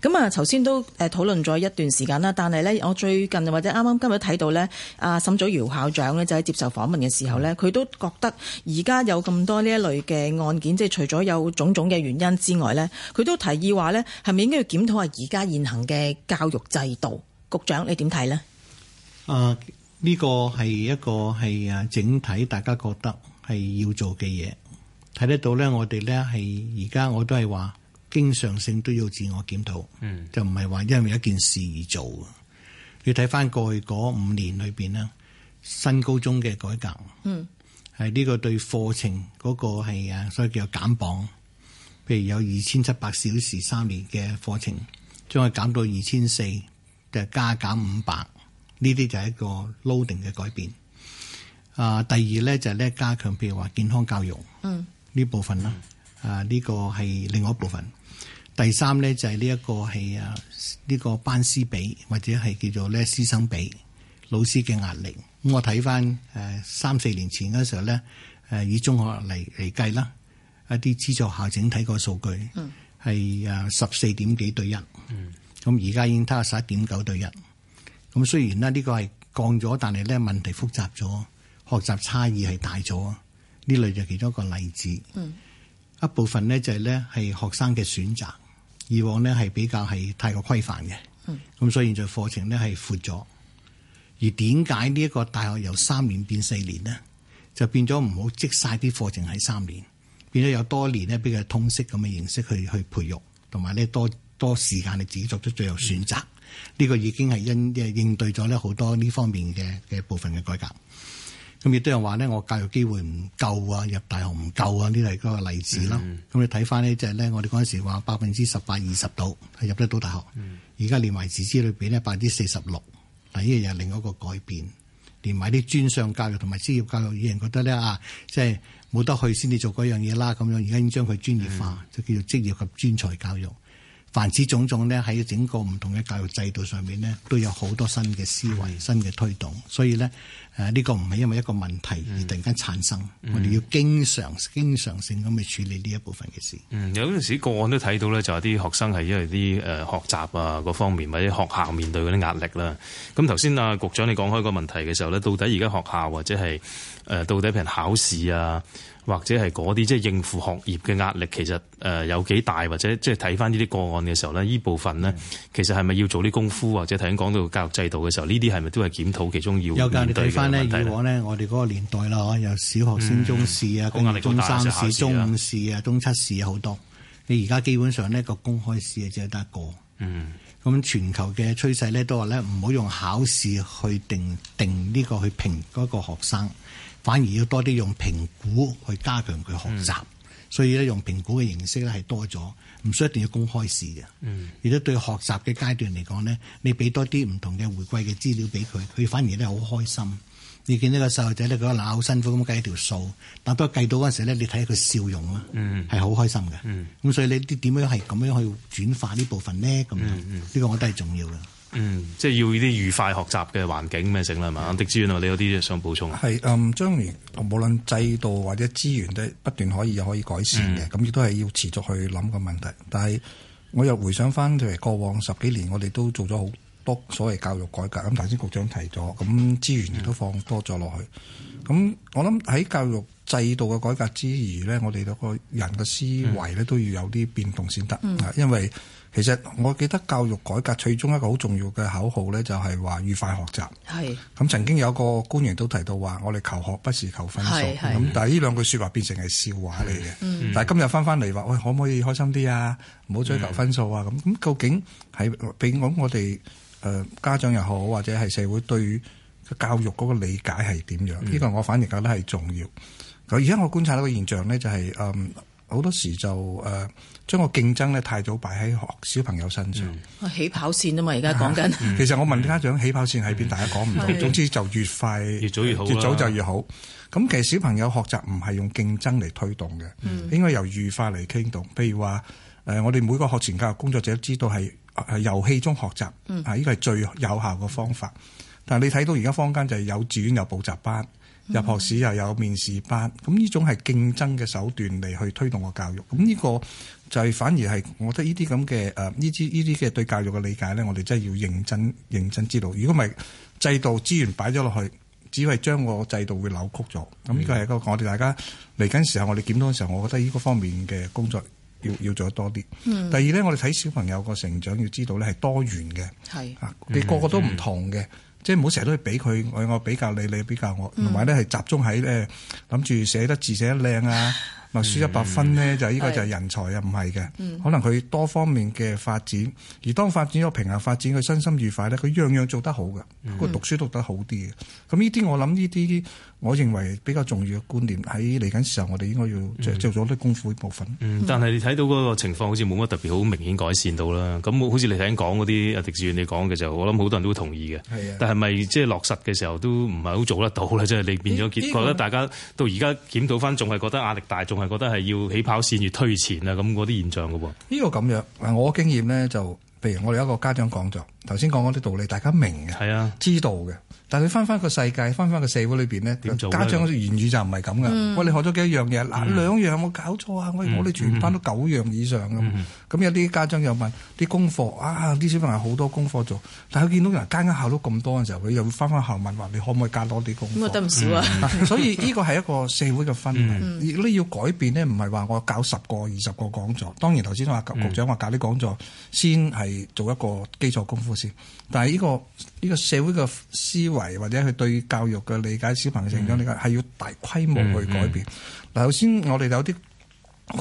咁啊、嗯，頭先都誒討論咗一段時間啦，但係呢，我最近或者啱啱今日睇到呢，阿、啊、沈祖堯校長呢，就喺、是、接受訪問嘅時候呢，佢都覺得而家有咁多呢一類嘅案件，即係除咗有種種嘅原因之外呢。佢都提議話咧，係咪應該要檢討下而家現行嘅教育制度？局長你點睇呢？啊、呃，呢個係一個係啊，整體大家覺得係要做嘅嘢。睇得到咧，我哋咧係而家我都係話經常性都要自我檢討，嗯，就唔係話因為一件事而做。要睇翻過去嗰五年裏邊呢，新高中嘅改革，嗯，係呢個對課程嗰個係啊，所以叫做減磅。譬如有二千七百小時三年嘅課程，將佢減到二千四，就加減五百，呢啲就係一個 loading 嘅改變。啊，第二咧就咧、係、加強譬如話健康教育，嗯，呢部分啦，啊呢、呢個係另外一部分。第三咧就係呢一個係啊呢個班師比或者係叫做咧師生比，老師嘅壓力。咁、嗯、我睇翻誒三四年前嗰時候咧，誒以中學嚟嚟計啦。一啲資助校整體個數據係誒十四點幾對一、嗯，咁而家已經睇下十一點九對一。咁雖然咧呢個係降咗，但係咧問題複雜咗，學習差異係大咗。呢類就其中一個例子。嗯、一部分呢就咧係學生嘅選擇，以往咧係比較係太過規範嘅，咁、嗯、所以現在課程咧係闊咗。而點解呢一個大學由三年變四年呢？就變咗唔好積晒啲課程喺三年。變咗有多年呢比較通識咁嘅形式去去培育，同埋呢多多時間你自己作出最後選擇。呢、嗯、個已經係因應對咗呢好多呢方面嘅嘅部分嘅改革。咁亦都有話呢，我教育機會唔夠啊，入大學唔夠啊，呢啲係個例子啦。咁你睇翻呢，就係呢我哋嗰陣時話百分之十八二十度係入得到大學，而家、嗯、連埋自資裏邊呢百分之四十六。但呢樣嘢又係另一個改變，連埋啲專上教育同埋專業教育已經覺得呢啊，即、就、係、是。冇得去先至做嗰樣嘢啦，咁樣而家應將佢專業化，嗯、就叫做職業及專才教育。凡此種種咧，喺整個唔同嘅教育制度上面咧，都有好多新嘅思維，嗯、新嘅推動。所以咧，誒、呃，呢、這個唔係因為一個問題而突然間產生，嗯、我哋要經常、經常性咁去處理呢一部分嘅事。嗯，有陣時個案都睇到咧，就有啲學生係因為啲誒學習啊嗰方面，或者學校面對嗰啲壓力啦。咁頭先啊，局長你講開個問題嘅時候咧，到底而家學校或者係誒、呃、到底譬如考試啊？或者係嗰啲即係應付學業嘅壓力，其實誒、呃、有幾大，或者即係睇翻呢啲個案嘅時候呢，呢部分呢，其實係咪要做啲功夫，或者頭先講到教育制度嘅時候，呢啲係咪都係檢討其中要面對嘅問題呢？有間你睇翻咧，如果咧我哋嗰個年代啦，有小學升中試啊，跟住中三試、中五試啊、中七試好多，你而家基本上呢個公開試啊只係得一個。嗯。咁全球嘅趨勢呢，都話呢唔好用考試去定定呢、這個這個去評嗰個學生。反而要多啲用評估去加強佢學習，嗯、所以咧用評估嘅形式咧係多咗，唔需要一定要公開試嘅。嗯、而且對學習嘅階段嚟講咧，你俾多啲唔同嘅回饋嘅資料俾佢，佢反而咧好開心。你見個呢個細路仔咧覺得嗱好辛苦咁計一條數，但不過計到嗰陣時咧，你睇下佢笑容啦，係好、嗯、開心嘅。咁、嗯、所以你啲點樣係咁樣去轉化呢部分咧？咁呢、嗯嗯、個我覺得係重要嘅。嗯，即係要呢啲愉快學習嘅環境咩成啦，嘛？啲資源啊，你有啲想補充啊？係，嗯，將來無論制度或者資源都不斷可以可以改善嘅，咁、嗯、亦都係要持續去諗個問題。但係我又回想翻，其實過往十幾年我哋都做咗好多所謂教育改革。咁頭先局長提咗，咁資源亦都放多咗落去。咁、嗯、我諗喺教育制度嘅改革之餘呢，我哋個人嘅思維呢都要有啲變動先得、嗯嗯、因為。其實我記得教育改革最終一個好重要嘅口號咧，就係話愉快學習。係咁是曾經有個官員都提到話，我哋求學不是求分數。咁，嗯、但係呢兩句說話變成係笑話嚟嘅。嗯、但係今日翻翻嚟話，喂、欸、可唔可以開心啲啊？唔好追求分數啊！咁咁、嗯、究竟係俾我哋誒、呃、家長又好，或者係社會對於教育嗰個理解係點樣？呢、嗯、個我反而覺得係重要。而家我觀察到個現象呢、就是，就係誒。好多時就誒，將個競爭咧太早擺喺學小朋友身上。嗯、起跑線啊嘛，而家講緊。其實我問家長、嗯、起跑線喺邊，大家講唔同。嗯、總之就越快越早越好。越早就越好。咁、嗯、其實小朋友學習唔係用競爭嚟推動嘅，嗯、應該由愉快嚟推動。譬如話誒、呃，我哋每個學前教育工作者都知道係係遊戲中學習，嗯、啊呢個係最有效嘅方法。但係你睇到而家坊間就係幼稚園有補習班。入學試又有面試班，咁呢種係競爭嘅手段嚟去推動個教育。咁、這、呢個就係反而係，我覺得呢啲咁嘅誒呢啲呢啲嘅對教育嘅理解呢，我哋真係要認真認真知道。如果唔係制度資源擺咗落去，只係將個制度會扭曲咗。咁、這、呢個係一個、嗯、我哋大家嚟緊時候，我哋檢討嘅時候，我覺得呢個方面嘅工作要要做得多啲。嗯、第二呢，我哋睇小朋友個成長，要知道呢係多元嘅，你個是、嗯、個都唔同嘅。即係唔好成日都去俾佢我我比較你你比較我，同埋咧係集中喺咧諗住寫得字寫得靚啊，默書一百分呢，就呢、嗯、個就係人才啊，唔係嘅，嗯、可能佢多方面嘅發展，而當發展咗個平衡發展，佢身心愉快咧，佢樣樣做得好嘅，不過、嗯、讀書讀得好啲嘅，咁呢啲我諗呢啲。我認為比較重要嘅觀念喺嚟緊時候，我哋應該要做咗啲功夫一部分。嗯，但係你睇到嗰個情況，好似冇乜特別好明顯改善到啦。咁好似你頭先講嗰啲啊，狄志遠你講嘅就，我諗好多人都同意嘅。係啊，但係咪即係落實嘅時候都唔係好做得到咧？即係你變咗，這個、覺得大家到而家檢討翻，仲係覺得壓力大，仲係覺得係要起跑線越推前啊，咁嗰啲現象㗎喎。呢個咁樣，我經驗咧就，譬如我哋一個家長講座，頭先講嗰啲道理，大家明嘅，係啊，知道嘅。但係你翻翻個世界，翻翻個社會裏邊咧，家長嘅言語就唔係咁嘅，喂，你學咗幾多樣嘢？嗱兩樣有冇搞錯啊？喂，我哋全班都九樣以上咁。咁有啲家長又問啲功課啊，啲小朋友好多功課做。但係佢見到人間間考到咁多嘅時候，佢又會翻翻校問話，你可唔可以加多啲功課？我得唔少啊。所以呢個係一個社會嘅氛圍，如果你要改變呢，唔係話我搞十個、二十個講座。當然頭先都話局局長話搞啲講座，先係做一個基礎功夫先。但係呢個。呢個社會嘅思維或者佢對教育嘅理解，小朋友成長呢個係要大規模去改變。嗱、mm，首、hmm. 先我哋有啲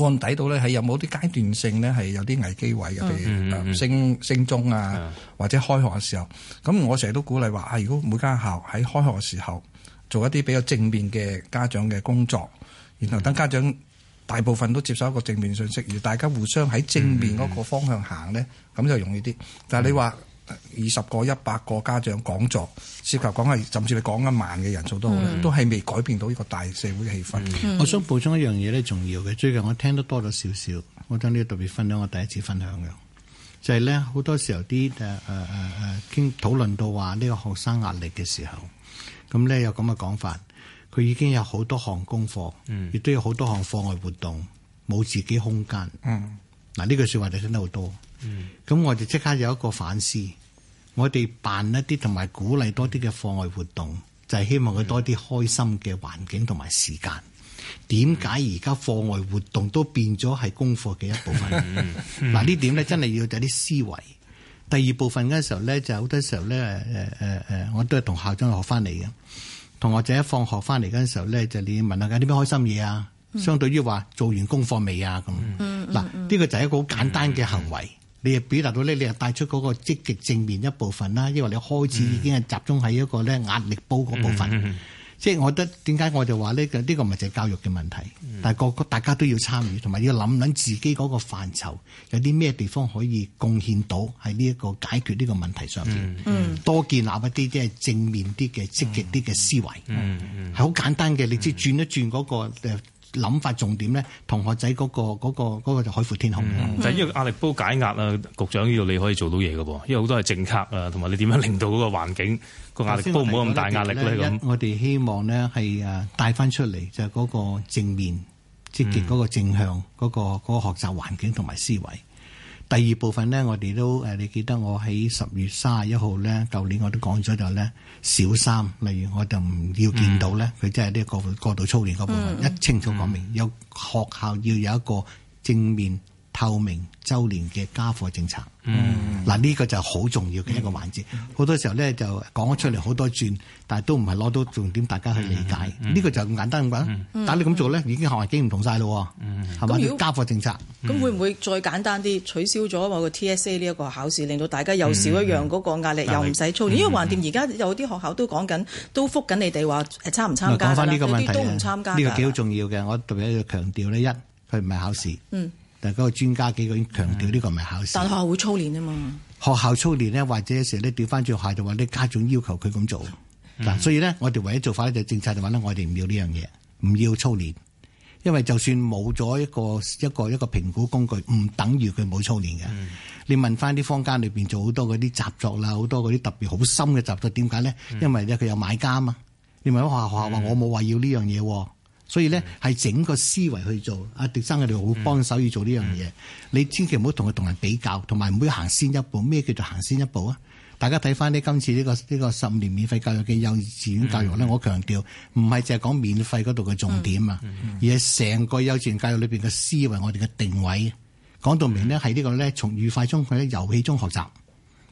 案底到咧，係有冇啲階段性咧係有啲危機位嘅。譬如升升中啊，mm hmm. 或者開學嘅時候。咁我成日都鼓勵話啊，如果每間校喺開學嘅時候做一啲比較正面嘅家長嘅工作，然後等家長大部分都接受一個正面信息，而大家互相喺正面嗰個方向行咧，咁、mm hmm. 就容易啲。但係你話，二十個、一百個家長講座，涉及講係，甚至你講一萬嘅人數都好，mm. 都係未改變到呢個大社會嘅氣氛。Mm. 我想補充一樣嘢咧，重要嘅。最近我聽得多咗少少，我將呢個特別分享我第一次分享嘅，就係咧好多時候啲誒誒誒誒傾討論到話呢個學生壓力嘅時候，咁咧有咁嘅講法，佢已經有好多項功課，亦都有好多項課外活動，冇自己空間。嗱呢、mm. 啊、句説話就聽得好多。咁、嗯、我哋即刻有一個反思，我哋辦一啲同埋鼓勵多啲嘅課外活動，就係、是、希望佢多啲開心嘅環境同埋時間。點解而家課外活動都變咗係功課嘅一部分？嗱、嗯、呢、嗯啊、點咧真係要有啲思維。第二部分嗰陣時候咧，就好多時候咧，誒誒誒，我都係同校長學翻嚟嘅。同學仔一放學翻嚟嗰陣時候咧，就你要問，問下佢啲咩開心嘢啊？相對於話做完功課未啊？咁嗱、呢、啊這個就係一個好簡單嘅行為。嗯嗯嗯你又表達到咧，你又帶出嗰個積極正面一部分啦，因為你開始已經係集中喺一個咧壓力煲嗰部分。嗯嗯嗯、即係我覺得點解我呢、這個、是就話咧，呢個唔係就係教育嘅問題，嗯、但係個個大家都要參與，同埋要諗諗自己嗰個範疇有啲咩地方可以貢獻到喺呢一個解決呢個問題上邊，嗯嗯、多建立一啲啲正面啲嘅積極啲嘅思維，係好、嗯嗯嗯、簡單嘅，你即轉一轉嗰個諗法重點咧，同學仔嗰、那個嗰個嗰、那個嗰個那個嗰個、就海闊天空。就係、嗯、因為壓力煲解壓啦，局長呢度你可以做到嘢嘅噃，因為好多係政策啊，同埋你點樣令到嗰個環境、嗰個壓力煲唔好咁大壓力咧。我哋希望咧係誒帶翻出嚟就係嗰個正面積極嗰個正向嗰個嗰個學習環境同埋思維。第二部分咧，我哋都誒、呃，你記得我喺十月三十一號咧，舊年我都講咗就咧，小三，例如我就唔要見到咧，佢真係呢個過度操練嗰部分，嗯、一清楚講明，嗯、有學校要有一個正面。透明周年嘅加課政策，嗱呢個就好重要嘅一個環節。好多時候咧就講咗出嚟好多轉，但係都唔係攞到重點，大家去理解。呢個就咁簡單咁解。但係你咁做咧，已經行徑唔同晒咯喎。係咪要加課政策，咁會唔會再簡單啲取消咗我個 TSA 呢一個考試，令到大家又少一樣嗰個壓力，又唔使操。因為橫掂而家有啲學校都講緊，都覆緊你哋話，誒參唔參加，有啲都唔參加。呢個幾好重要嘅，我特別要強調咧，一佢唔係考試。嗱，嗰個專家幾個已經強調呢個唔係考試，但學校會操練啊嘛。學校操練咧，或者成日咧調翻轉校，就話啲家長要求佢咁做。嗯、所以咧，我哋唯一做法咧就是、政策就話咧，我哋唔要呢樣嘢，唔要操練。因為就算冇咗一個一個一個評估工具，唔等於佢冇操練嘅。嗯、你問翻啲坊間裏邊做好多嗰啲習作啦，好多嗰啲特別好深嘅習作，點解咧？因為咧佢有買家啊嘛。你問下學校話我冇話要呢樣嘢。嗯。所以咧，係整個思維去做。阿、啊、迪生，佢哋好幫手要做呢樣嘢。嗯、你千祈唔好同佢同人比較，同埋唔會行先一步。咩叫做行先一步啊？大家睇翻呢，今次呢、呢個呢、呢個十五年免費教育嘅幼稚園教育咧，嗯嗯、我強調唔係淨係講免費嗰度嘅重點啊，嗯嗯嗯、而係成個幼稚園教育裏邊嘅思維，我哋嘅定位講到明咧，係呢個咧，從愉快中去遊戲中學習，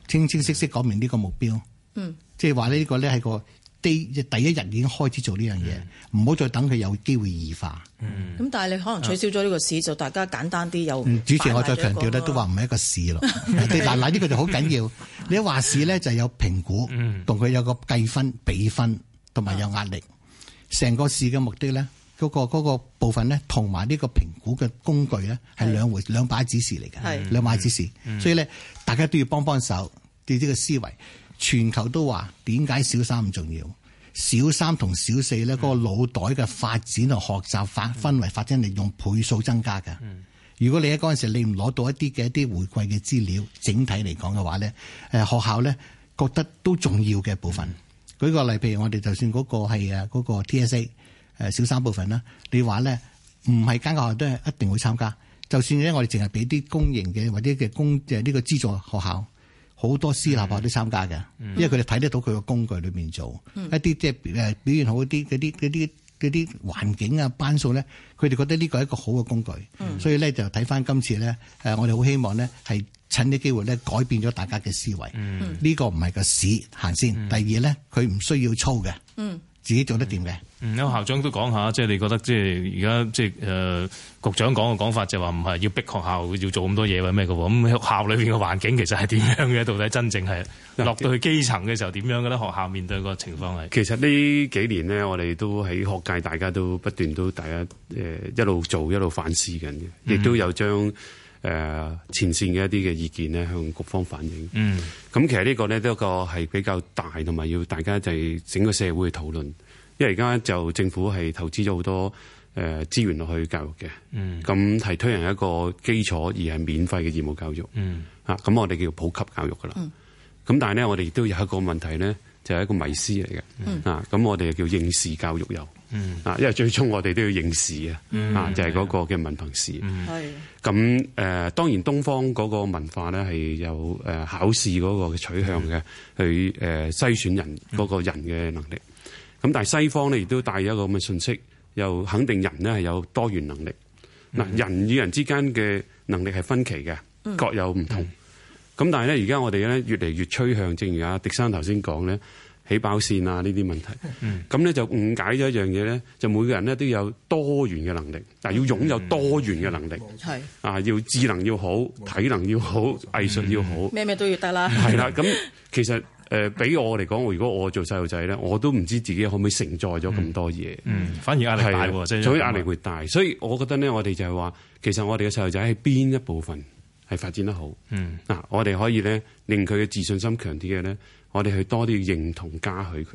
清清晰晰講明呢個目標。嗯，即係話咧呢個咧係個。第一日已經開始做呢樣嘢，唔好、嗯、再等佢有機會異化。咁、嗯、但係你可能取消咗呢個市，就、嗯、大家簡單啲有、這個。主持我再強調咧，都話唔係一個市咯。即係嗱，呢個就好緊要。 <laughs> 你一話市咧，就有評估，同佢有個計分、比分，同埋有，有壓力。成個市嘅目的咧，嗰、嗰個嗰個部分咧，同埋呢個評估嘅工具咧，係兩回是兩擺指示嚟嘅，是兩擺指示。是嗯、所以咧，大家都要幫幫手，對、這、呢個思維。全球都話點解小三唔重要？小三同小四咧，個腦袋嘅發展同學習法分為發展利用倍數增加嘅。嗯，如果你喺嗰陣時你唔攞到一啲嘅一啲回饋嘅資料，整體嚟講嘅話咧，誒學校咧覺得都重要嘅部分。舉個例，譬如我哋就算嗰個係誒嗰個 T.S.A. 誒小三部分啦，你話咧唔係間間學校都係一定會參加，就算咧我哋淨係俾啲公營嘅或者嘅公誒呢個資助學校。好多私立啊都參加嘅，因為佢哋睇得到佢個工具裏面做、嗯、一啲即係表現好啲嗰啲啲啲環境啊班數咧，佢哋覺得呢個係一個好嘅工具。嗯、所以咧就睇翻今次咧，誒我哋好希望咧係趁啲機會咧改變咗大家嘅思維，呢、嗯、個唔係個屎行先，第二咧佢唔需要粗嘅。嗯自己做得掂嘅。嗯，有校長都講下，即係你覺得，即係而家即係誒、呃，局長講嘅講法就話唔係要逼學校要做咁多嘢或者咩嘅喎。咁學校裏邊嘅環境其實係點樣嘅？到底真正係落到去基層嘅時候點樣嘅咧？學校面對個情況係其實呢幾年呢，我哋都喺學界大家都不斷都大家誒、呃、一路做一路反思緊嘅，亦都有將。嗯誒、呃，前線嘅一啲嘅意見咧，向局方反映。嗯，咁其實呢個咧都一個係比較大，同埋要大家就係整個社會去討論。因為而家就政府係投資咗好多誒資、呃、源落去教育嘅。嗯，咁係推行一個基礎而係免費嘅義務教育。嗯，吓咁、啊、我哋叫普及教育噶啦。嗯，咁但係咧我哋亦都有一個問題咧，就係、是、一個迷思嚟嘅。嗯，啊，咁我哋叫應試教育有。嗯，啊，因為最終我哋都要應試啊，啊、嗯，就係嗰個嘅文憑試。係咁誒，嗯、當然東方嗰個文化咧係有誒考試嗰個取向嘅，嗯、去誒篩選人嗰個人嘅能力。咁但係西方咧亦都帶有一個咁嘅信息，又肯定人咧係有多元能力。嗱，人與人之間嘅能力係分歧嘅，各有唔同。咁但係咧，而家我哋咧越嚟越趨向，正如阿狄生頭先講咧。起跑線啊！呢啲問題，咁咧、嗯、就誤解咗一樣嘢咧，就每個人咧都有多元嘅能力，但係要擁有多元嘅能力，係、嗯嗯、啊，要智能要好，冇錯、體能要好，藝術要好，咩咩、嗯、都要得啦。係啦，咁其實誒，俾、呃、我嚟講，如果我做細路仔咧，我都唔知自己可唔可以承載咗咁多嘢，嗯，反而壓力大喎，所以壓力會大。所以我覺得咧，我哋就係話，其實我哋嘅細路仔喺邊一部分係發展得好，嗯，嗱、啊，我哋可以咧令佢嘅自信心強啲嘅咧。我哋去多啲認同加許佢，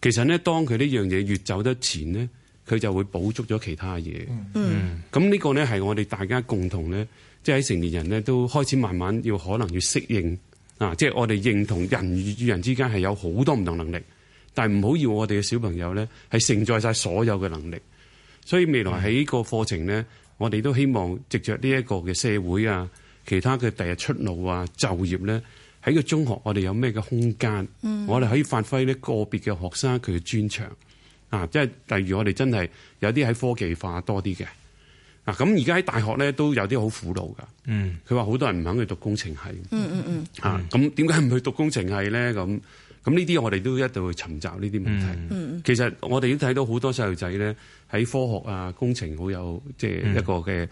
其實咧，當佢呢樣嘢越走得前咧，佢就會補足咗其他嘢。嗯，咁呢、嗯、個咧係我哋大家共同咧，即係喺成年人咧都開始慢慢要可能要適應啊！即、就、係、是、我哋認同人與人之間係有好多唔同能力，但係唔好要我哋嘅小朋友咧係承載晒所有嘅能力。所以未來喺個課程咧，嗯、我哋都希望藉着呢一個嘅社會啊，其他嘅第日出路啊、就業咧、啊。喺個中學，我哋有咩嘅空間？嗯、我哋可以發揮呢個別嘅學生佢嘅專長啊！即係例如我哋真係有啲喺科技化多啲嘅啊！咁而家喺大學咧都有啲好苦惱㗎。嗯，佢話好多人唔肯去讀工程系。嗯嗯嗯。啊，咁點解唔去讀工程系咧？咁。咁呢啲我哋都一定去尋找呢啲問題。嗯、其實我哋都睇到好多細路仔咧喺科學啊工程好有即係、就是、一個嘅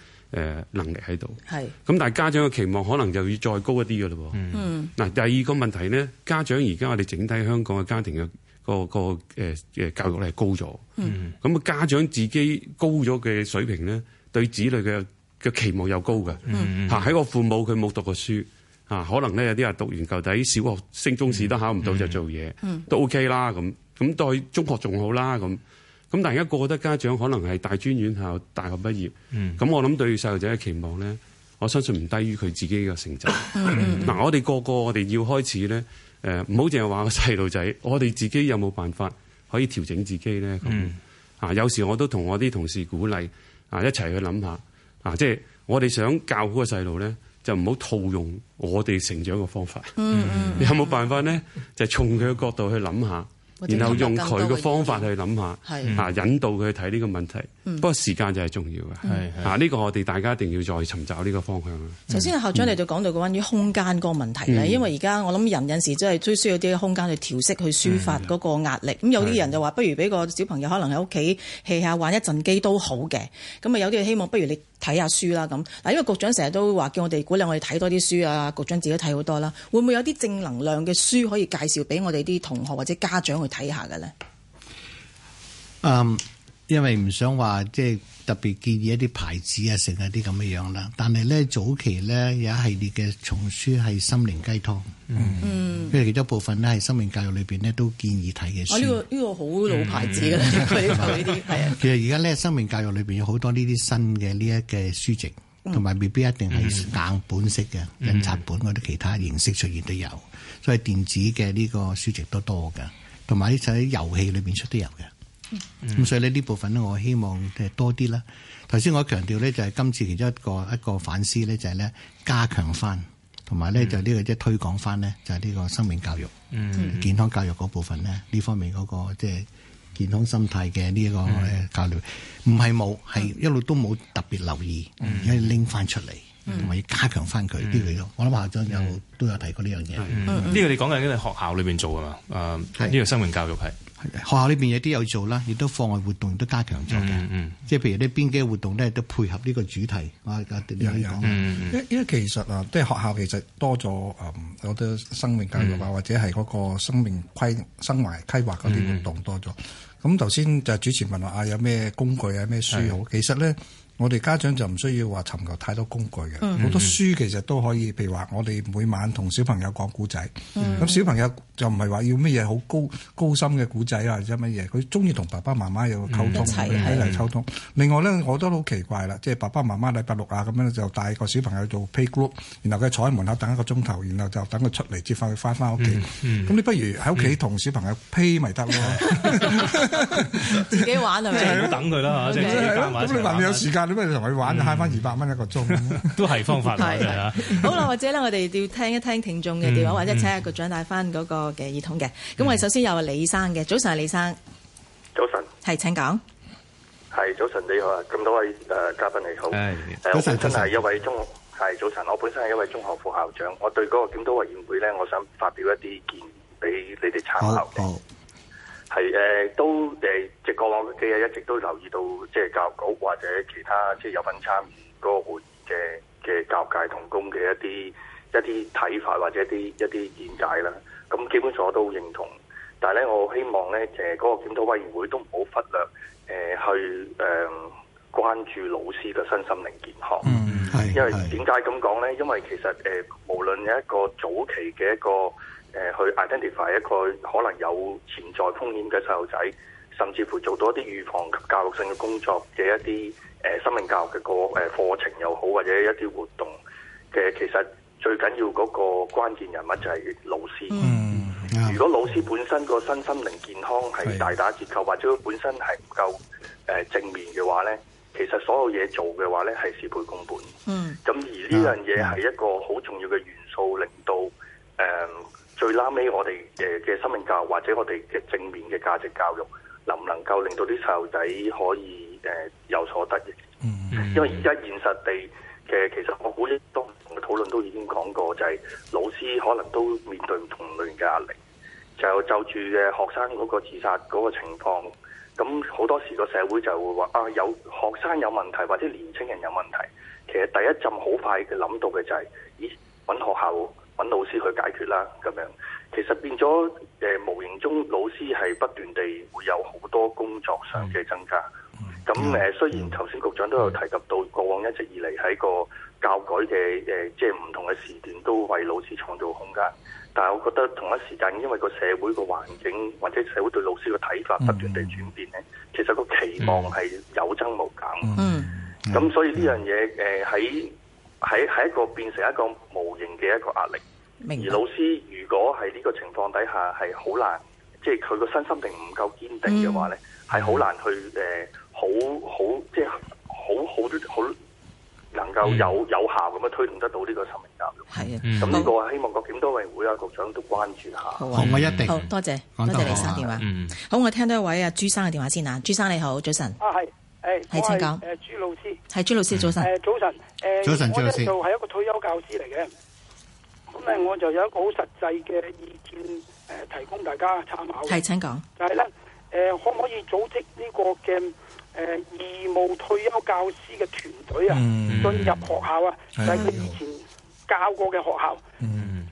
誒能力喺度。係咁、嗯，但係家長嘅期望可能就要再高一啲嘅嘞。喎、嗯，嗱第二個問題咧，家長而家我哋整體香港嘅家庭嘅、那個、那個誒誒教育咧係高咗。嗯，咁啊家長自己高咗嘅水平咧，對子女嘅嘅、那個、期望又高嘅。嗯喺個、嗯、父母佢冇讀過書。啊，可能咧有啲人讀完舊底小學升中試都考唔到就做嘢，嗯嗯、都 OK 啦咁。咁對中學仲好啦咁。咁但係而家個個得家長可能係大專院校大學畢業，咁、嗯、我諗對細路仔嘅期望咧，我相信唔低於佢自己嘅成就。嗱、嗯嗯，我哋個個我哋要開始咧，誒唔好淨係話個細路仔，我哋自己有冇辦法可以調整自己咧？咁、那個嗯、啊，有時我都同我啲同事鼓勵啊，一齊去諗下啊，即係我哋想教好個細路咧。就唔好套用我哋成長嘅方法。你、嗯嗯嗯、有冇辦法咧？ <noise> 就係從佢嘅角度去諗下，然後用佢嘅方法去諗下，的啊，引導佢去睇呢個問題。嗯、不過時間就係重要嘅，嚇呢、嗯、個我哋大家一定要再尋找呢個方向啊！頭先、嗯、校長你就講到個關於空間嗰個問題啦，嗯、因為而家我諗人有時真係都需要啲空間去調適、去抒發嗰個壓力。咁、嗯嗯、有啲人就話，不如俾個小朋友可能喺屋企 hea 下、玩一陣機都好嘅。咁啊，有啲希望不如你睇下書啦咁。嗱，因為局長成日都話叫我哋鼓勵我哋睇多啲書啊，局長自己睇好多啦。會唔會有啲正能量嘅書可以介紹俾我哋啲同學或者家長去睇下嘅呢？嗯。因為唔想話即係特別建議一啲牌子啊，成一啲咁嘅樣啦。但係咧早期咧有一系列嘅叢書係《心靈雞湯》，嗯，因為其中一部分咧係生命教育裏邊咧都建議睇嘅書。呢、啊這個呢、這個好老牌子噶啦，呢套呢啲係啊。其實而家咧生命教育裏邊有好多呢啲新嘅呢一嘅書籍，同埋未必一定係硬本式嘅印刷本嗰啲其他形式出現都有，嗯、所以電子嘅呢個書籍都多噶，同埋啲喺遊戲裏邊出都有嘅。咁、嗯、所以呢，呢部分咧，我希望誒多啲啦。頭先我強調咧，就係今次其中一個一個反思咧，就係咧加強翻，同埋咧就呢、嗯、個即係推廣翻咧，就係呢個生命教育、健康教育嗰部分咧，呢方面嗰個即係健康心態嘅呢一個教育，唔係冇，係一路都冇特別留意，而家拎翻出嚟，同埋要加強翻佢呢類咯。我諗校長有都有提過呢樣嘢。呢個你講緊喺學校裏邊做啊嘛？呢個生命教育係。學校呢邊有啲有做啦，亦都課外活動都加強咗嘅，嗯嗯、即係譬如啲邊幾活動咧都配合呢個主題啊，嗯、你可以、嗯嗯、因為其實啊，即係學校其實多咗誒，嗰、嗯、啲生命教育啊，嗯、或者係嗰個生命規生還規劃嗰啲活動多咗。咁頭先就主持人問話啊，有咩工具啊，咩書好？嗯、其實咧。我哋家長就唔需要話尋求太多工具嘅，好多書其實都可以，譬如話我哋每晚同小朋友講故仔，咁小朋友就唔係話要乜嘢好高高深嘅故仔啊，或者乜嘢，佢鍾意同爸爸媽媽有個溝通，一齊溝通。另外呢，我都好奇怪啦，即係爸爸媽媽禮拜六啊咁樣就帶個小朋友做 pay group，然後佢坐喺門口等一個鐘頭，然後就等佢出嚟接返佢返返屋企。咁你不如喺屋企同小朋友 pay 咪得咯，自己玩係咪？即係等佢啦，即係咁，你問你有時間？咁啊，同佢玩就慳翻二百蚊一個鐘，都係方法嚟嘅。好啦，或者咧，我哋要聽一聽聽眾嘅電話，或者請阿局長帶翻嗰個嘅耳筒嘅。咁我哋首先有李生嘅。早晨，李生。早晨，係請講。係早晨，你好啊！咁多位誒嘉賓你好。早晨，真係一位中係早晨，我本身係一位中學副校長，我對嗰個檢討委員會咧，我想發表一啲建議俾你哋參考係誒、呃，都誒，即係過往嘅嘢，一直都留意到，即係教育局或者其他即係有份參與嗰個會議嘅嘅教界同工嘅一啲一啲睇法或者一啲一啲見解啦。咁、嗯、基本上我都認同，但係咧，我希望咧，誒、呃、嗰、那個檢討委員會都唔好忽略誒、呃、去誒、呃、關注老師嘅身心靈健康。嗯，係，因為點解咁講咧？因為其實誒、呃，無論有一個早期嘅一個。誒、呃、去 identify 一個可能有潛在風險嘅細路仔，甚至乎做到一啲預防及教育性嘅工作嘅一啲誒、呃、生命教育嘅個誒課程又好，或者一啲活動嘅，其實最緊要嗰個關鍵人物就係老師。嗯，如果老師本身個身心靈健康係大打折扣，的或者佢本身係唔夠誒、呃、正面嘅話咧，其實所有嘢做嘅話咧係事倍功半。嗯，咁而呢樣嘢係一個好重要嘅元素，令到誒、呃最拉尾我哋嘅嘅生命教育或者我哋嘅正面嘅價值教育，能唔能夠令到啲細路仔可以誒有所得益？嗯嗯、mm。Hmm. 因為而家現實地嘅其實我估都唔同嘅討論都已經講過，就係、是、老師可能都面對唔同類型嘅壓力。就就住嘅學生嗰個自殺嗰個情況，咁好多時個社會就會話啊有學生有問題或者年青人有問題，其實第一陣好快嘅諗到嘅就係咦揾學校。揾老師去解決啦，咁樣其實變咗誒、呃，無形中老師係不斷地會有好多工作上嘅增加。咁誒、嗯，雖然頭先局長都有提及到，過往一直以嚟喺個教改嘅誒、呃，即係唔同嘅時段都為老師創造空間。但係我覺得同一時間，因為個社會個環境或者社會對老師嘅睇法不斷地轉變咧，嗯嗯、其實個期望係有增無減、嗯。嗯，咁、嗯、所以呢樣嘢誒喺，呃喺喺一個變成一個無形嘅一個壓力，而老師如果係呢個情況底下係好難，即係佢個身心定唔夠堅定嘅話咧，係好難去誒好好即係好好多好能夠有有效咁樣推動得到呢個生命教育。係啊，咁呢個希望各檢多委會啊，局長都關注下。好，我一定。好，多謝，多謝李生電話。好，我聽到一位阿朱生嘅電話先啊。朱生你好，早晨。啊係。係，請講。誒，朱老師，係朱老師早晨。誒，早晨。誒、呃，早晨，朱老師。我咧就係一個退休教師嚟嘅，咁咧我就有一個好實際嘅意見誒、呃，提供大家參考。係，請講。就係、是、咧，誒、呃，可唔可以組織呢個嘅誒、呃、義務退休教師嘅團隊啊？嗯、進入學校啊？嗯、就係佢以前教過嘅學校。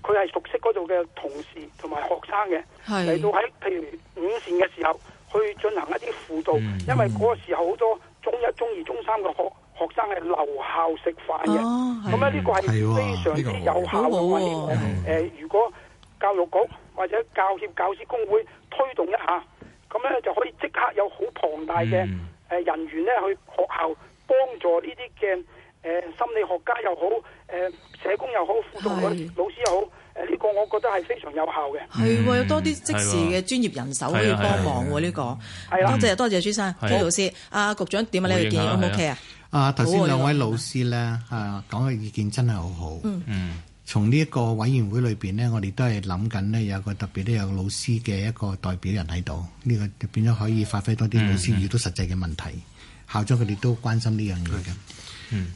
佢係、嗯、熟悉嗰度嘅同事同埋學生嘅，嚟到喺譬如午膳嘅時候。是是去進行一啲輔導，嗯、因為個時候好多中一、中二、中三嘅學學生係留校食飯嘅，咁咧呢個係非常之有效嘅。誒誒、啊這個哦呃，如果教育局或者教協教師工會推動一下，咁咧就可以即刻有好龐大嘅誒人員咧去學校幫助呢啲嘅誒心理學家又好，誒、呃、社工又好，輔導老師又好。都係非常有效嘅，係喎，有多啲即時嘅專業人手可以幫忙喎，呢個多謝多謝朱生朱老師，阿局長點啊？你哋建議 O 唔 OK 啊？啊，頭先兩位老師咧，啊講嘅意見真係好好。嗯嗯，從呢一個委員會裏邊咧，我哋都係諗緊咧有個特別都有老師嘅一個代表人喺度，呢個就變咗可以發揮多啲老師遇到實際嘅問題，校長佢哋都關心呢樣嘢嘅。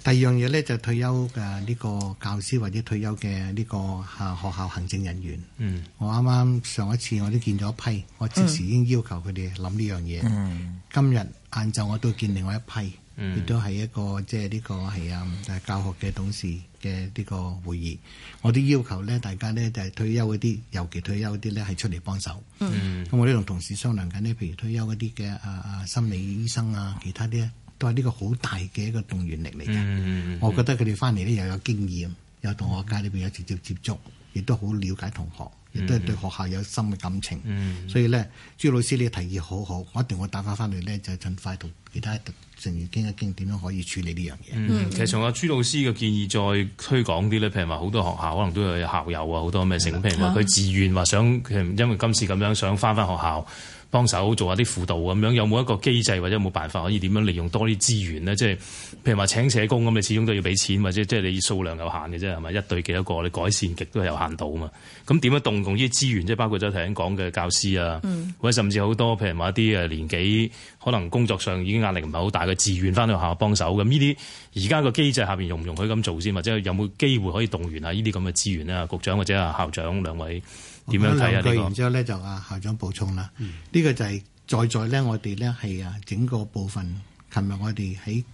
第二樣嘢咧就係、退休嘅呢個教師或者退休嘅呢個嚇學校行政人員。嗯，我啱啱上一次我都見咗一批，嗯、我當時已經要求佢哋諗呢樣嘢。嗯，今日晏晝我都見另外一批，亦、嗯、都係一個即係呢個係啊教學嘅董事嘅呢個會議。我啲要求咧，大家咧就係退休嗰啲，尤其退休嗰啲咧係出嚟幫手。嗯，咁、嗯、我都同同事商量緊呢，譬如退休嗰啲嘅啊啊心理醫生啊，其他啲咧。都係呢個好大嘅一個動員力嚟嘅，mm hmm. 我覺得佢哋翻嚟呢又有經驗，有同學界裏邊有直接接觸，亦都好了解同學，亦都係對學校有深嘅感情。Mm hmm. 所以咧，朱老師呢個提議好好，我一定會打翻翻嚟咧，就盡快同其他成員傾一傾，點樣可以處理呢樣嘢。Mm hmm. 其實從阿、啊、朱老師嘅建議再推廣啲咧，譬如話好多學校可能都有校友啊，好多咩成，譬如話佢自願話想，因為今次咁樣想翻翻學校。幫手做下啲輔導咁樣，有冇一個機制或者有冇辦法可以點樣利用多啲資源咧？即係譬如話請社工咁，你始終都要俾錢，或者即係你數量有限嘅啫，係咪一對幾多個？你改善極都係有限度嘛？咁點樣動用呢啲資源？即係包括咗頭先講嘅教師啊，或者、嗯、甚至好多譬如話一啲誒年紀。可能工作上已經壓力唔係好大嘅，自願翻到學校幫手咁，呢啲而家個機制下邊容唔容許咁做先？或者有冇機會可以動員啊？呢啲咁嘅資源咧，局長或者啊校長兩位點樣睇啊？呢、呢個然之後咧就啊校長補充啦，呢、嗯、個就係在在咧我哋咧係啊整個部分。琴日我哋喺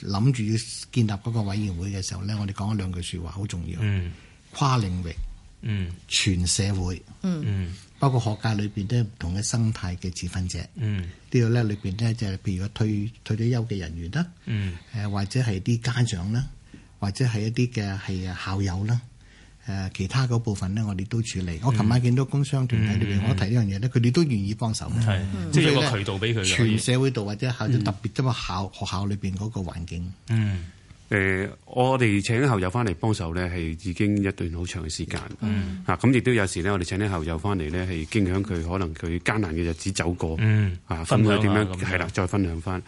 諗住要建立嗰個委員會嘅時候咧，我哋講咗兩句説話，好重要。嗯、跨領域，嗯，全社會，嗯。嗯包括學界裏邊啲唔同嘅生態嘅志願者，嗯、裡呢個咧裏邊咧即係譬如退退咗休嘅人員啦，誒、嗯、或者係啲家長啦，或者係一啲嘅係校友啦，誒、呃、其他嗰部分咧我哋都處理。嗯、我琴晚見到工商團喺裏邊，嗯嗯、我提呢樣嘢咧，佢哋都願意幫手，即係有一個渠道俾佢，全社會度或者校特別即係校學校裏邊嗰個環境。嗯嗯誒、呃，我哋請校友翻嚟幫手咧，係已經一段好長嘅時間。嗯，啊，咁亦都有時咧，我哋請啲校友翻嚟咧，係經享佢可能佢艱難嘅日子走過。嗯，啊，分享點樣，係啦這樣，再分享翻。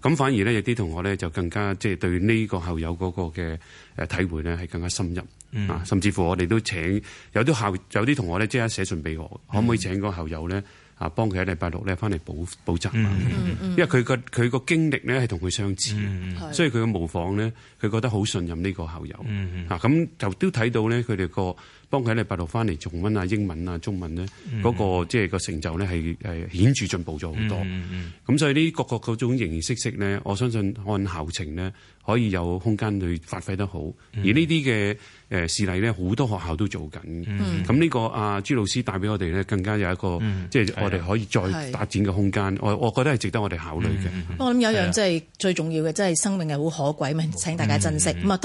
咁、嗯、反而咧，有啲同學咧就更加即係、就是、對呢個校友嗰個嘅誒體會咧係更加深入。嗯、啊，甚至乎我哋都請有啲校有啲同學咧即刻寫信俾我，嗯、可唔可以請個校友咧？啊，幫佢喺禮拜六咧翻嚟補補習嘛，mm hmm. 因為佢個佢個經歷咧係同佢相似，mm hmm. 所以佢嘅模仿咧，佢覺得好信任呢個校友。Mm hmm. 啊，咁就都睇到咧，佢哋個幫佢喺禮拜六翻嚟重溫啊英文啊中文咧，嗰個即係個成就咧係係顯著進步咗好多。咁、mm hmm. 所以呢，各個各種形形式式咧，我相信按校情咧。可以有空間去發揮得好，嗯、而呢啲嘅誒事例咧，好多學校都做緊。咁呢、嗯這個阿、啊、朱老師帶俾我哋咧，更加有一個即係、嗯、我哋可以再發展嘅空間，我我覺得係值得我哋考慮嘅。不過我諗有一樣即係最重要嘅，即、就、係、是、生命係好可貴嘛。請大家珍惜。咁多、嗯。